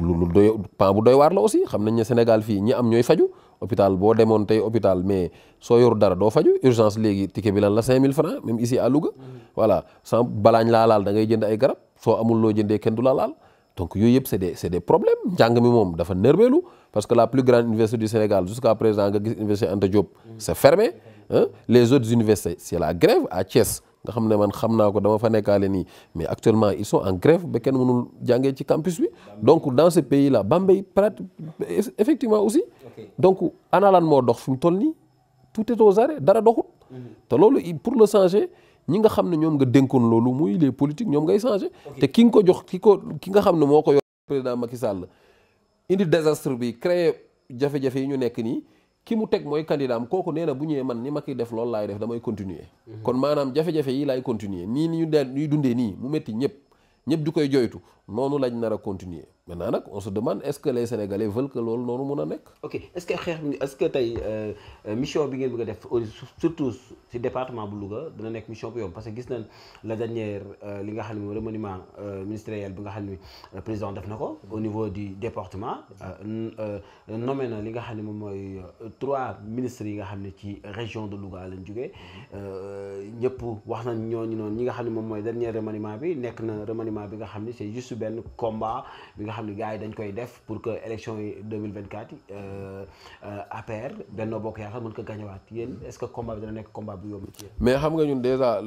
lu doy pan bu doy waar la aussi xam nañ ne Sénégal fii ñi am ñooy faju hôpital boo demoon tey hôpital mais soo yoru dara doo faju urgence léegi ticket bi lan la 5000 francs même ici à Louga voilà sans balaañ laa laal da jënd ay garab soo amul loo jëndee kenn du la laal donc yooyu yëpp c'est des c'est des njàng mi moom dafa parce que la plus grande université du Sénégal jusqu'à présent nga gis université Anta Diop c'est fermé hein? les autres universités c'est la grève à Thiès nga xam ne man xam naa ko dama fa nekkaale nii mais actuellement ils sont en grève ba kenn mënul jàngee ci campus bi donc dans ce pays là Bambey pratique effectivement aussi donc ana moo dox fi mu toll nii tout est aux arrêts dara doxut mm-hmm. te loolu pour le changer ñi nga xam ne ñoom nga dénkoon loolu muy les politiques ñoom ngay changer te ki nga ko jox ki ko ki nga xam ne moo ko yor président Macky Sall indi désastre bi créer jafe-jafe yi ñu nekk nii ki mu teg mooy candidat kooku nee na bu ñëwee man ni ma kiy def loolu laay def damay continuer mhm. kon maanaam jafe-jafe yi laay continuer nii ni ñu dee ñuy dundee nii mu métti ñëpp ñëpp du koy joytu noonu lañ nar a continuer maintenant nag on se demande est-ce que les sénégalais veulent que loolu noonu mun a nekk. ok est xeex est-ce que euh, mission bi ngeen a def surtout ci département bu Louga dina nekk mission bu yomb parce que gis nañ la dernière euh, li nga xam ne euh, na li nga xam ne moom mooy trois ministres yi nga xam ne ci région de Louga lañ jógee ñëpp wax nañ ñooñu noonu ñi nga xam ne moom mooy dernier remaniement bi nekk na remaniement bi nga xam ne c'est juste benn combat bi nga. xam ne gars yi dañ koy def pour que euh, euh, bu yomb mais xam nga ñun déjà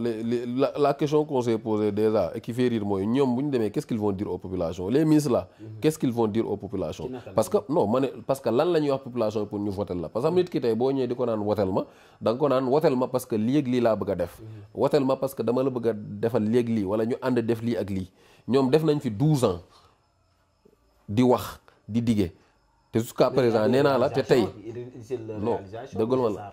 la question qu'on s'est posée déjà et mooy ñoom bu ñu demee qu'est-ce qu'ils vont dire aux populations les ministres là mhm. qu'est-ce qu'ils vont dire aux populations parce que non ma ne parce que lan la wax population pour ñu votel la parce que am nit ki tey boo ñëwee di ko naan wotel ma da ko naan wotel ma parce que lii ak lii laa bëgg a def wotel mhm. ma parce que dama la bëgg a defal lii ak lii wala ñu ànd def lii ak lii ñoom def nañ fi 12 di wax di dige te jusqu'à présent nee naa la te tey non dëggal ma la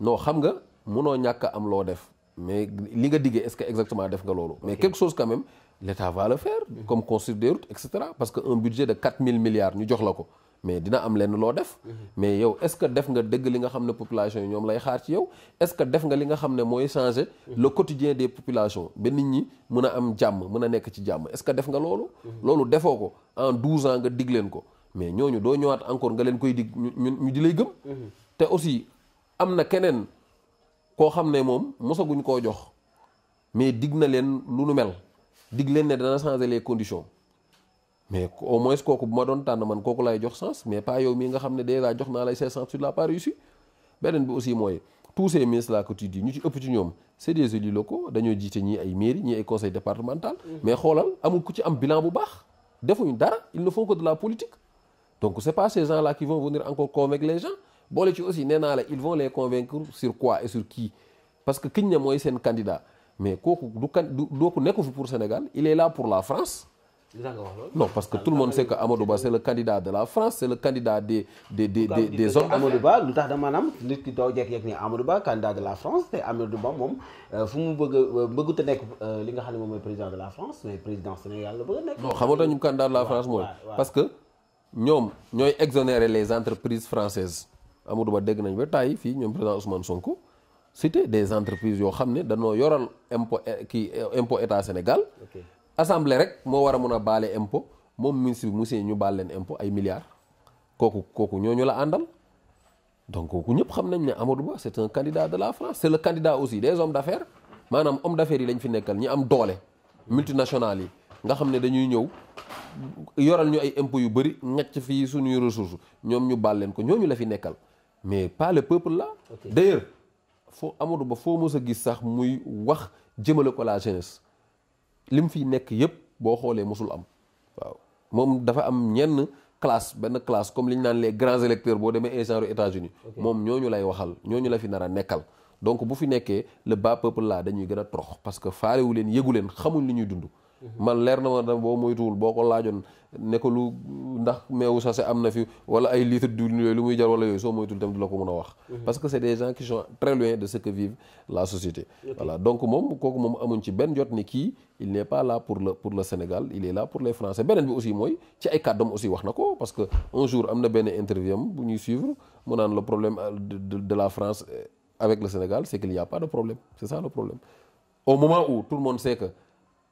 non xam nga munoo ñàkk am loo def mais li nga diggee est-ce que exactement def nga loolu mais quelque chose quand même l'État va le faire mm-hmm. comme construire des routes et cetera parce que un budget de mille milliards ñu jox la ko mais dina am leen loo def mhm. mais yow est-ce que def nga dëgg li nga xam ne population yi ñoom lay xaar ci yow est-ce que def nga li nga xam ne mooy changer mhm. le quotidien des populations ba nit ñi mën a am jàmm mën a nekk ci jàmm est-ce que def nga loolu mhm. loolu defoo ko en douze ans nga digg leen ko mais ñooñu doo ñëwaat encore nga leen koy dig ñu ñu di lay gëm te aussi am na keneen koo xam ne moom mosaguñ koo jox mais digg na leen lu nu mel dig leen ne dana changer les conditions mais au moins kooku bu ma doon tànn man kooku laay jox sens mais pas yow mii nga xam ne déjà jox naa lay ses sens tu l'as pas réussi beneen bi aussi mooy tous ces ministres là que tu ñu ci ëpp ci ñoom c'est des élus locaux dañoo jiite ñii ay mairie ñii ay conseil départemental mm-hmm. mais xoolal amul ku ci am bilan bu baax defuñu dara ils ne font que de la politique donc c'est pas ces gens là qui vont venir encore convaincre les gens boole ci aussi nee naa la ils vont les convaincre sur quoi ne mooy seen candidat mais kooku du kan du dooku pour Sénégal il est pour la France non parce que tout le monde sait que Amadou Ba c'est le candidat de la France c'est le candidat des des des des des hommes. Amadou Ba lu tax da maanaam nit ki doo jekk-jekk ni Amadou Ba candidat de la France te Amadou Ba moom euh, fu mu bëgg a euh, bëggut a nekk euh, li nga xam ne moom mooy président de la France mais président Sénégal la bëgg a nekk. non xamoo tax ñu candidat de la France mooy. parce que ñoom ñooy exonérer les entreprises françaises Amadou Ba dégg nañ ba tàyyi fii ñoom président Ousmane Sonko. c'était des entreprises yoo xam ne dañoo yoral impôt eh, kii eh, impôt état Sénégal. assemblée rek moo war a mën a baale impôt moom ministre bi monsieur ñu baal leen impôt ay milliards kooku kooku ñooñu la àndal donc kooku ñëpp xam nañ ne Amadou Ba c'est un candidat de la France c'est le candidat aussi des hommes d'affaires maanaam homme d'affaires yi lañ fi nekkal ñi am doole multinationales yi nga xam ne dañuy ñëw yoral ñu ay impôts yu bëri ngacc fii suñuy ressources ñoom ñu baal leen ko ñooñu la fi nekkal mais pas le la là d'ailleurs foo Amadou Ba foo mës a gis sax muy wax jëmale ko la lim fi nekk yëpp boo xoolee mosul am waaw moom dafa am ñenn classe benn classe comme li ñu naan les grands boo demee instant États-Unis moom ñu lay waxal ñoo ñu la fi nar a nekkal donc bu fi nekkee le bas peuple là dañuy gën a trox parce que faalewu leen yëgu leen xamuñ lu ñuy dund mhm. man leer na ma dama boo moytuwul boo ko laajoon ne ko lu ndax meewu sachet am na fi wala ay litre diwlin lu muy jar wala yooyu du la ko mën a wax mhm. parce que c'est des gens qui sont très loin de ce que vive la société voilà donc moom kooku moom amuñ ci benn jot ni kii il n'est pas là pour le pour le Sénégal il est là pour les Français beneen bi aussi mooy ci ay kàddoom aussi wax na ko parce que un jour am na benn interview am bu ñuy suivre mu naan le problème de la France avec le Sénégal c'est qu'il n'y a pas de problème c'est ça le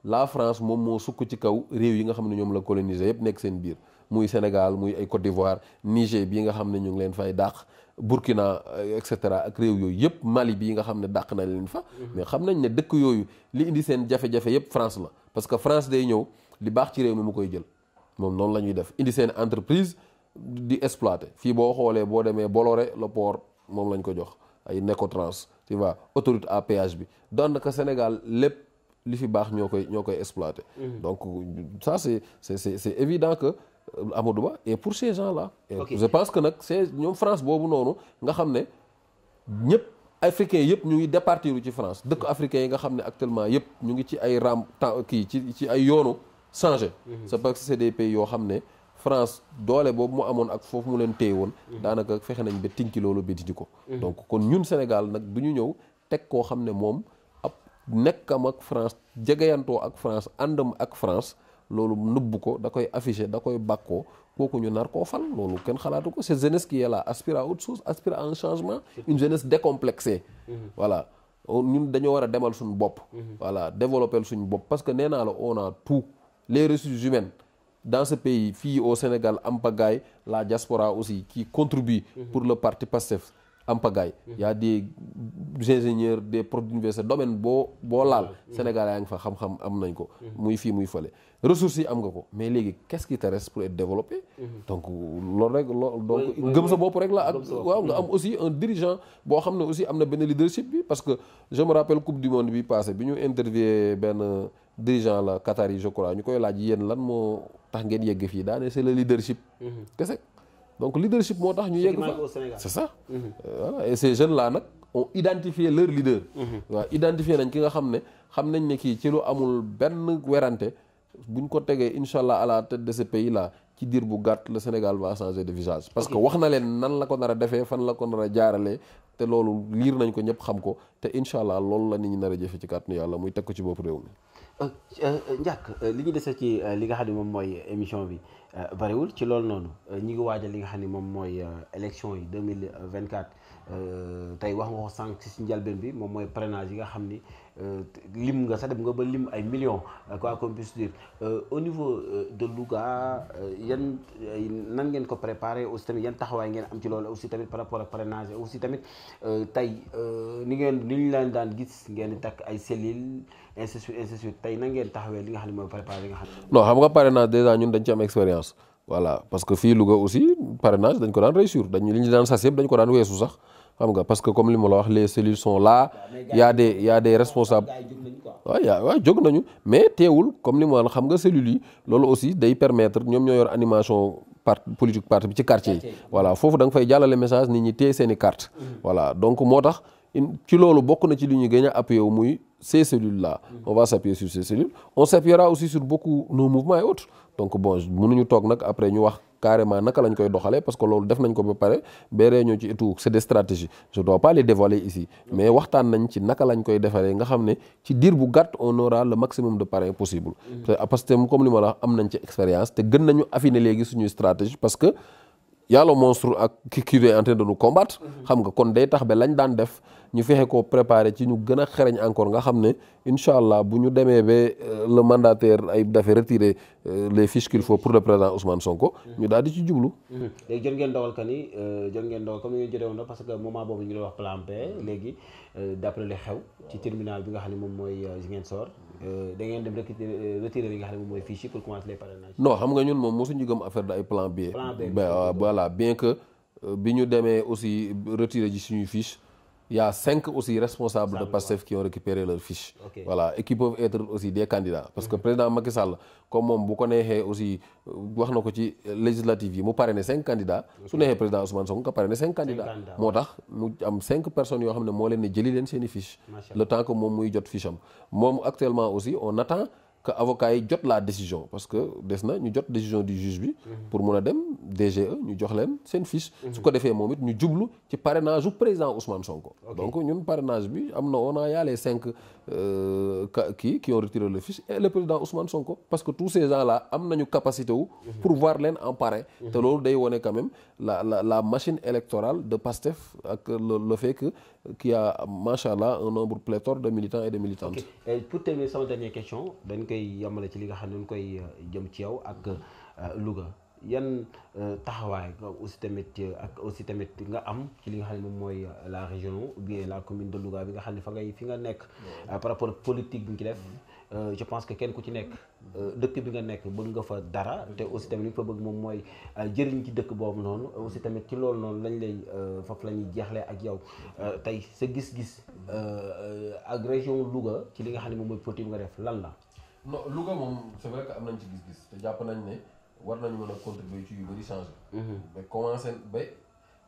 la France moom moo sukk ci kaw réew yi nga xam ne ñoom la coloniser yëpp nekk seen biir muy Sénégal muy ay Côte d'Ivoire Niger bii nga xam ne ñu ngi leen fay dàq Burkina et cetera ak réew yooyu yëpp Mali bii nga xam ne dàq na leen fa. Mhm. mais xam nañ ne dëkk yooyu li indi seen jafe-jafe yëpp France la parce que France day ñëw li baax ci réew mi mu koy jël moom noonu la ñuy def indi seen entreprise di exploiter fii boo xoolee boo demee Bolloré le port moom lañ ko jox ay Necotrans tu vois autoroute à bi daanaka Sénégal lépp. li fi baax ñoo koy ñoo koy exploité. Mhm. donc ça c'est c'est c'est c'est évident que euh, Amadou Ba et pour ces gens là. Okay. je pense que nag c'est ñoom France boobu noonu nga xam ne ñëpp. africains yëpp ñu ngi départiru ci France dëkk africains yi nga xam ne actuellement yëpp ñu ngi ci ay ram temps kii ci ci ay yoonu changé mhm. c'est parce que c'est des pays yoo xam ne France doole boobu mu amoon ak foofu mu leen téye woon mhm. daanaka fexe nañ ba tinki loolu ba didi ko donc kon ñun Sénégal nag du ñu ñëw koo xam ne nekkam ak France jegeyantoo ak France àndam ak France loolu nubbu ko da koy affiché da koy bàkkoo kooku ñu nar koo fal loolu kenn xalaatu ko cette jeunesse ki est là aspire à autre chose un changement une jeunesse décomplexée mm-hmm. voilà ñun dañoo war a demal suñu bopp mm-hmm. voilà développer suñu bopp parce que nee naa la on a tout les ressources humaines dans ce pays fii au Sénégal am pagaay la diaspora aussi qui contribue mm-hmm. pour le partie Pastef am pagaille y a des ingénieurs des produits universitaires domaine boo boo laal Sénégal fa xam-xam am nañ ko muy fii muy fale ressources yi am nga ko mais léegi qu'est-ce qui te reste pour être développé mhm. donc loolu rek loolu donc gëm sa bopp rek la ak waaw nga am aussi un dirigeant boo xam ne aussi am na benn leadership bi parce que je me rappelle coupe du monde bi passé bi ñu interviewé benn dirigeant la Qatar yi ñu koy laaj yéen lan moo tax ngeen yegg fii daane c'est le leadership mhm. kese donc leadership moo tax ñu yegg fa c'est ça mm-hmm. voilà et jeunes là nag ont identifié leur leader waaw mm-hmm. identifié nañ ki nga xam ne xam nañ ne kii ci lu amul benn werante buñ ko tegee incha allah à la tête de ce ci diir bu gàtt le Sénégal va changer de visage parce que wax na leen nan la ko nar defee fan la ko nar a jaaralee te loolu liir nañ ko ñëpp xam ko te incha allah loolu la ni ñu nar a jëfe ci kàttanu yàlla muy teg ko ci bopp réew mi euh, euh, euh, li ñu dese ci li nga xam ne moom mooy émission bi Euh, bariwul ci loolu noonu euh, ñi ngi li nga xam ni moom mooy euh, élection yi 2024 tey wax nga ko sànq ci njëlbeen bi moom mooy parrainage yi nga xam ni Euh, lim nga sax dem nga ba lim ay million quoi qu'on puisse dire euh, au niveau euh, de Louga yan nan ngeen ko préparé aussi tamit yan taxawaay ngeen am ci loolu aussi tamit par rapport ak parrainage aussi tamit tey ni ngeen ni daan gis ngeen di takk ay nan ngeen taxawee li nga xam ne mooy préparé li nga xam non xam nga parrainage déjà ñun dañ ci am expérience voilà parce que fii Louga aussi parrainage dañ ko daan réussir dañ li ñu daan sas yëpp dañ ko daan weesu sax xam nga parce que comme li ma la wax les cellules sont là yaa a des y a des yaa waaw jóg nañu mais teewul comme li ma la xam nga cellules yi loolu aussi day permettre ñoom ñoo yor animation parti politique parti bi ci quartier yi voilà foofu danga fay jàllale message nit ñi tee seeni carte mm-hmm. voilà donc moo tax ci loolu bokk na ci li ñu gën a appuyé wu muy ces cellules là mm-hmm. on va s'appuyer sur ces cellules on s'appuiera aussi sur beaucoup nos mouvements et toog nag après ñu wax carrément naka lañ koy doxale parce que loolu def nañ ko ba pare ba réunion ci tout c'est des stratégies je dois pas les mais waxtaan nañ ci naka lañ koy defaree nga xam ne ci diir bu gàtt on aura le maximum de parrain possible mm-hmm. parce que comme li ma la wax am nañ ci expérience te gën nañu affiner léegi suñuy stratégie parce que yàlla monstre ak ki qui est en train de nous combattre mm-hmm. xam nga kon day tax ba lañ daan def ñu fexe ko préparer ci ñu gën a xereñ encore nga xam ne incha allah bu ñu demee ba euh, le mandataire Ayib Daffé retirer euh, les fiches qu'il faut pour le président Ousmane Sonko. ñu daal di ci jublu. Mm-hmm. léegi jot ngeen dogal que ni euh, jot ngeen dogal comme ni ngeen jotee woon parce que moment boobu ñu ngi wax plan B léegi bi nga xam ne moom mooy Ziguinchor da ngeen dem rek retirer li nga xam ne mooy fiche yi pour commencer les parrainages. non xam nga ñun moom voilà bien que bi ñu demee aussi retirer ji suñuy fiche yaa y a cinq aussi responsables de PASTEF qui ont leur fiche okay. voilà et aussi des candidats parce que mm -hmm. président Macky Sall comme moom bu ko neexee aussi euh, wax na ko ci législative yi mu parrainé cinq candidats su neexee président Ousmane Sonko nga parrainé cinq candidats moo tax mu am cinq personnes yoo xam ne moo leen ne jëli leen seen i fiche le temps que moom muy jot fiche am moom actuellement aussi on attend que avocat yi jot la décision parce que des na ñu jot décision du juge bi. Mhm. pour mun a dem DGE ñu jox leen seen fiche. Mhm. su ko defee moom it ñu jublu ci parrainage u président Ousmane Sonko. Okay. donc ñun parrainage bi am na on a y a les cinq euh, kii qui on retiré le fiche le président Ousmane Sonko parce que tous ces gens là am nañu capacité wu. Mhm. pour voir leen en parrain. te loolu day wone quand même la la la machine électorale de Pastef ak le le fait qui a macha allah un nombre pléthore de militants et de militantes. ok et pour terminer sama dernière question dañ koy yamale ci li nga xam ne dañ koy euh, jëm ci yow ak euh, luga yan euh, taxawaay aussi tamit ak aussi tamit nga am ci li nga xam ne moom mooy la région ou bien la commune de Louga bi nga xam ne fa ngay fi nga nekk. par rapport politique bi ñu ci def je pense que kenn ku ci nekk. Euh, dëkk bi nga nekk bëgg nga fa dara te aussi tamit li nga fa bëgg moom mooy euh, jëriñ ci dëkk boobu noonu aussi tamit ci loolu noonu lañ lay euh, foofu la ñuy jeexlee ak yow tey sa gis-gis ak région Louga ci li nga xam ne moom mooy politique bi nga lan la non Louga moom am nañ ci gis-gis te jàpp nañ ne war nañu mën a contribuer ci yu bari changer mhm. ba commencé ba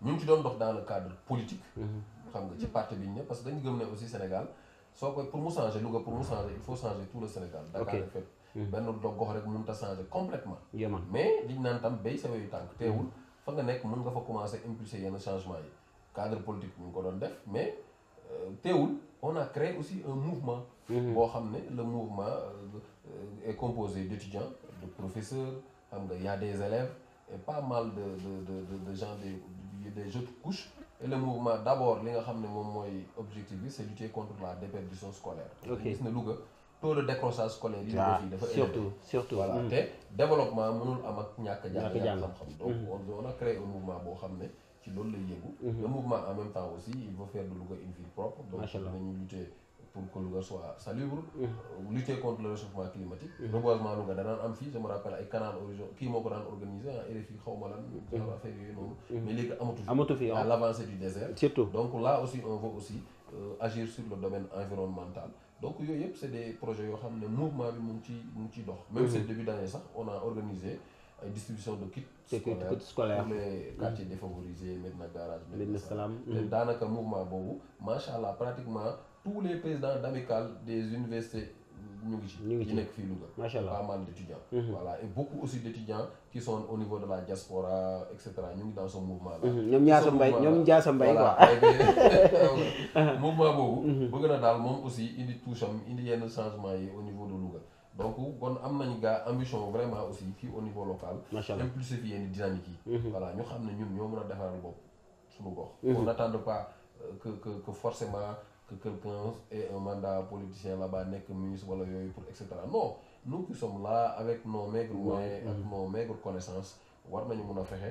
ñu ngi ci doon ndox dans le cadre politique mhm. xam nga ci parti bi ñu ne parce que dañu gëm ne aussi Sénégal soo koy pour mu changer Louga pour mu changer il faut changer Sénégal Dakar fait Mm-hmm. benn dog gox rek mënut a changer complètement mais liñ naan tam béy sa weyu tànk teewul mm-hmm. fa nga nekk mën nga fa commencer impulser yenn changement yi cadre politique ñu ko doon def mais euh, teewul on a créé aussi un mouvement mm-hmm. boo xam ne le mouvement euh, est composé d'étudiants de professeurs xam nga y des élèves et pas mal de de de de gens des des autres couches et le mouvement d'abord li nga xam ne moom mooy objectif bi c'est lutter contre la déperdition scolaire gis na Louga taux de décrochage scolaire yi ah, dafa surtout surtout voilà mm. te développement mënul am ak ñàkk jàng ñàkk xam-xam donc mm. on a créé un mouvement boo xam ne ci loolu lay yëgu mm-hmm. le mouvement en même temps aussi il faut faire de Louga une ville propre donc nañu lutter pour que Louga soit salubre mm. euh, lutter contre le réchauffement climatique mm-hmm. reboisement Louga danaan am fii je me rappelle ay canal origine kii moo ko daan organisé ah RFI xaw ma lan mm-hmm. genre affaire yooyu noonu mais léegi amatu fi amatu fi à ah. l'avancée du désert surtout donc là aussi on veut aussi euh, agir sur le domaine environnemental donc yooyu yëpp c' est des projets yoo xam ne mouvement bi mu ngi ciy mu ngi ciy dox. même mhm. si début d' année sax on a organisé ay distribution de kits. kits scolaires pour les mhm. quartiers défavorisés Medina Garage. Medina Salam te mhm. daanaka mouvement boobu macha allah pratiquement tous les présidents d'amicale des universités. ñu ngi ci ñu ngi ci nekk fii Louga macha allah pas mal d' étudiants mhm. voilà et beaucoup aussi d' étudiants qui au niveau de la diaspora et cetera ñu ngi dans son mouvement là mhm. ñoom Ndiassa Mbaye ñoom Ndiassa Mbaye quoi mouvement boobu mhm. bëgg na daal moom aussi indi touche am indi yenn changement yi au niveau de Louga donc kon am nañu gaa ambition vraiment aussi fii au niveau local macha allah impulsé fi yenn dynamique yi voilà ñu xam ne ñun ñoo mën a defaral bopp suñu gox on n'attend pas euh, que que que que quelqu'un ait un mandat politicien là-bas nekk minis wala yooyu pour et cetera non nous qui sommes là avec nos maigres moyens ak mm-hmm. nos maigres connaissances war nañu mun a fexe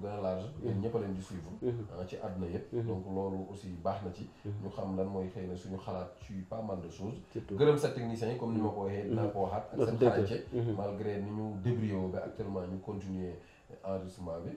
bu gën a large yéen ñëpp a di suivre mhm. ah, ci àdduna yëpp mhm. donc loolu aussi baax na ci mhm. ñu xam lan mooy xëy na suñu xalaat ci pas mal de choses gërëm sa technicien yi comme ni ma ko waxee dinaa ko waxaat ak seen xarañte malgré ni ñu débrouillé ba actuellement ñu continuer enregistrement bi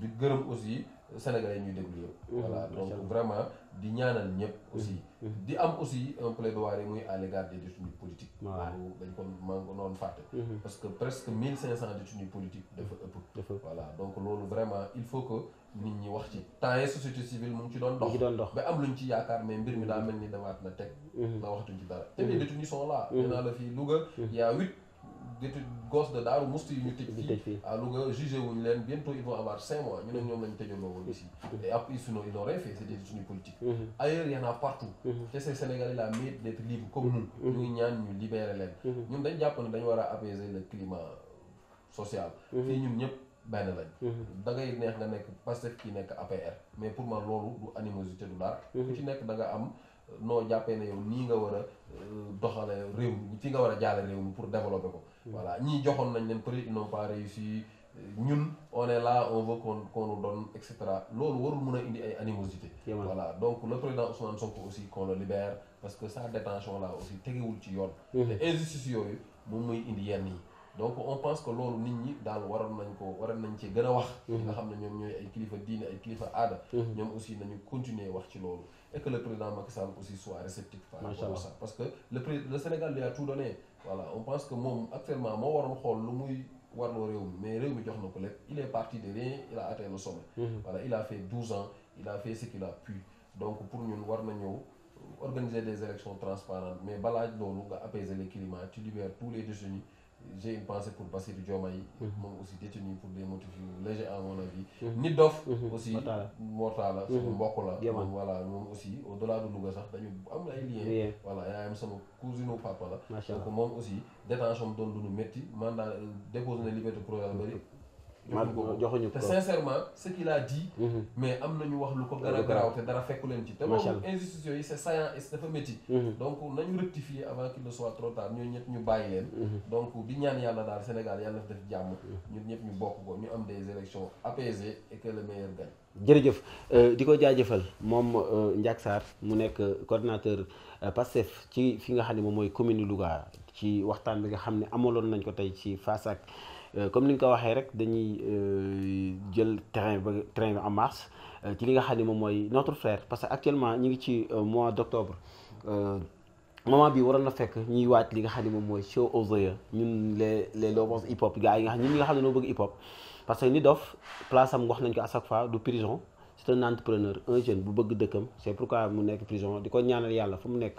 di gërëm aussi Sénégalais yi ñuy déglu yëpp voilà donc vraiment di ñaanal ñëpp aussi mm-hmm. Mm-hmm. di am aussi un plaidoyer muy à l'égard des détenus politiques loolu dañ ko maa ngi ko fàtte mm-hmm. parce que presque mille cinq cent détenus politiques dafa ëpp voilà donc loolu vraiment il faut que nit ñi wax ci temps yi société civile mu ngi ci doon dox ba am luñ ci yaakaar mais mbir mi daa mel ni demaat na teg na waxtuñ ci dara te les détenus sont là naa la fii Louga y a d'études gosses de Daaru Musti yu ñu tëj fii à Louga jugé wuñu leen bientôt ils vont avoir cinq mois ñu ne ñoom lañ tëjoon woon ici mm-hmm. et après sinon ils n'ont rien fait c'était suñu politique mm-hmm. ailleurs y en a partout mm-hmm. te ces Sénégalais là mérite d'être libre comme nous ñu ngi ñaan ñu libérer leen ñun dañ jàpp ne dañu war a apaiser le climat social fii ñun ñëpp benn lañ da ngay neex nga nekk Pastef kii nekk APR mais pour man loolu du animosité du dara ku ci nekk da nga am euh, noo jàppee ne yow nii nga war a euh, doxale réew mi fi nga war a jaale réew mi pour développer ko voilà ñii joxoon nañ leen peut-être ils n'ont pas réussi ñun on est là on veut qu'on qu'on cetera loolu warul mën a indi ay animosité voilà donc le président Ousmane Sonko aussi qu'on le libère parce que sa détention là aussi tegewul ci yoon te injustice yooyu moom muy indi yenn yi donc on pense que loolu nit ñi daal waroon nañ ko waroon nañ ci gën a wax nga xam ne ñoom ñooy ay kilifa diine ay kilifa aada ñoom aussi nañu continuer wax ci loolu et que président Macky aussi soit parce que le voilà on pense que moom actuellement moo waroon xool lu muy warloo réew mi mais réew mi jox na ko lépp il est parti de rien il a atteint le sommet. Mhm. voilà il a fait douze ans il a fait ce qu'il donc pour ñun war na ñëw organiser des élections transparentes mais balaa loolu nga apaiser le climat tu libères tous les détenus j'ai une pensée pour Bassirou Diomaye mhm. moom aussi détenu pour des motifs légers à mon avis mhm. nit dof mhm. aussi Mortala suñu mbokk la moom voilà moom aussi au delà sax dañu am ay lien voilà yaayam sama cousine papa la donc moom aussi détention doon lu nu métti mandat euh, déposé na liberté provisoire bari joxuñu ko te sincèrement ce qu'il a dit. Mhm. mais am na ñu wax lu ko gën a te dara fekku leen ci. te moom institution yi c'est saillant dafa métti. Mhm. donc nañu rectifier avant qu'il ne soit trop tard ñooñu ñu bàyyi leen. Mhm. donc di ñaan yàlla daal Sénégal yàlla def jàmm. ñun ñëpp ñu bokk ko ñu am des élections apaisées et que le jërëjëf euh, di ko jaajëfal moom euh, Ndiak Sarr mu nekk euh, coordinateur PASTEF ci fi nga xam ne moom mooy commune Louga ci waxtaan bi nga xam ne amaloon nañ ko tey ci face Euh, comme ni nga ko waxee rek dañuy euh, jël terrain ba terrain bi mars euh, ci li nga xam ne moom mooy notre frère parce que actuellement ñu ngi ci mois d' octobre moment bi waroon na fekk ñuy waaj li nga xam ni moom mooy show aux yeux ñun les les lovers hip hop gars yi nga xam ñun ñi nga xam ne noo bëgg hip hop parce que ni dof place am wax nañ ko à chaque fois du prison c' est entrepreneur un jeune bu bëgg dëkkam c' pourquoi mu nekk prison di ko ñaanal yàlla fu mu nekk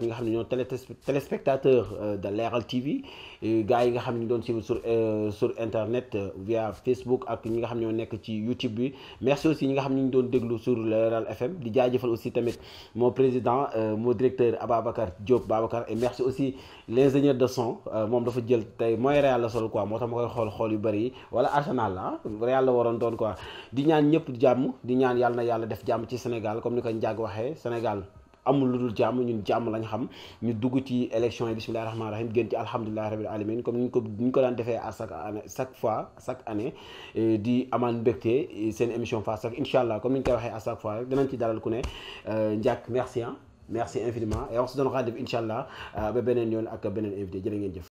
ñi nga xam ne ñoo télé téléspectateur euh, de Leral TV gars yi nga xam ne doon suivre sur euh, sur internet euh, via Facebook ak ñi nga xam ñoo nekk ci YouTube bi merci aussi ñi nga xam ne ñu doon déglu sur Leral FM di jaajëfal aussi tamit moo président mon directeur Ababacar Diop Babacar et merci aussi l'ingénieur de son moom dafa jël tey mooy Real la sol quoi moo tax ma koy xool xool yu bëri yi wala Arsenal la ah, Real la waroon doon quoi di ñaan ñëpp jàmm di ñaan yàlla na yàlla def jàmm ci Sénégal comme ni ko Ndiago waxee Sénégal amul lu dul jàmm ñun jàmm lañ xam ñu dugg ci élection yi bisimilah rahmaani rahim génn ci alhamdulilah rabil alamin comme niñ ko niñ ko daan defee à chaque année chaque fois chaque année euh, di amaan mbégte euh, seen émission Face ak incha allah comme niñ koy waxee à chaque fois rek danañ ci dalal ku ne euh, njàkk merci ah merci infiniment et on se donne rendez-vous incha allah ba beneen yoon ak beneen invité jërë ngeen jëf.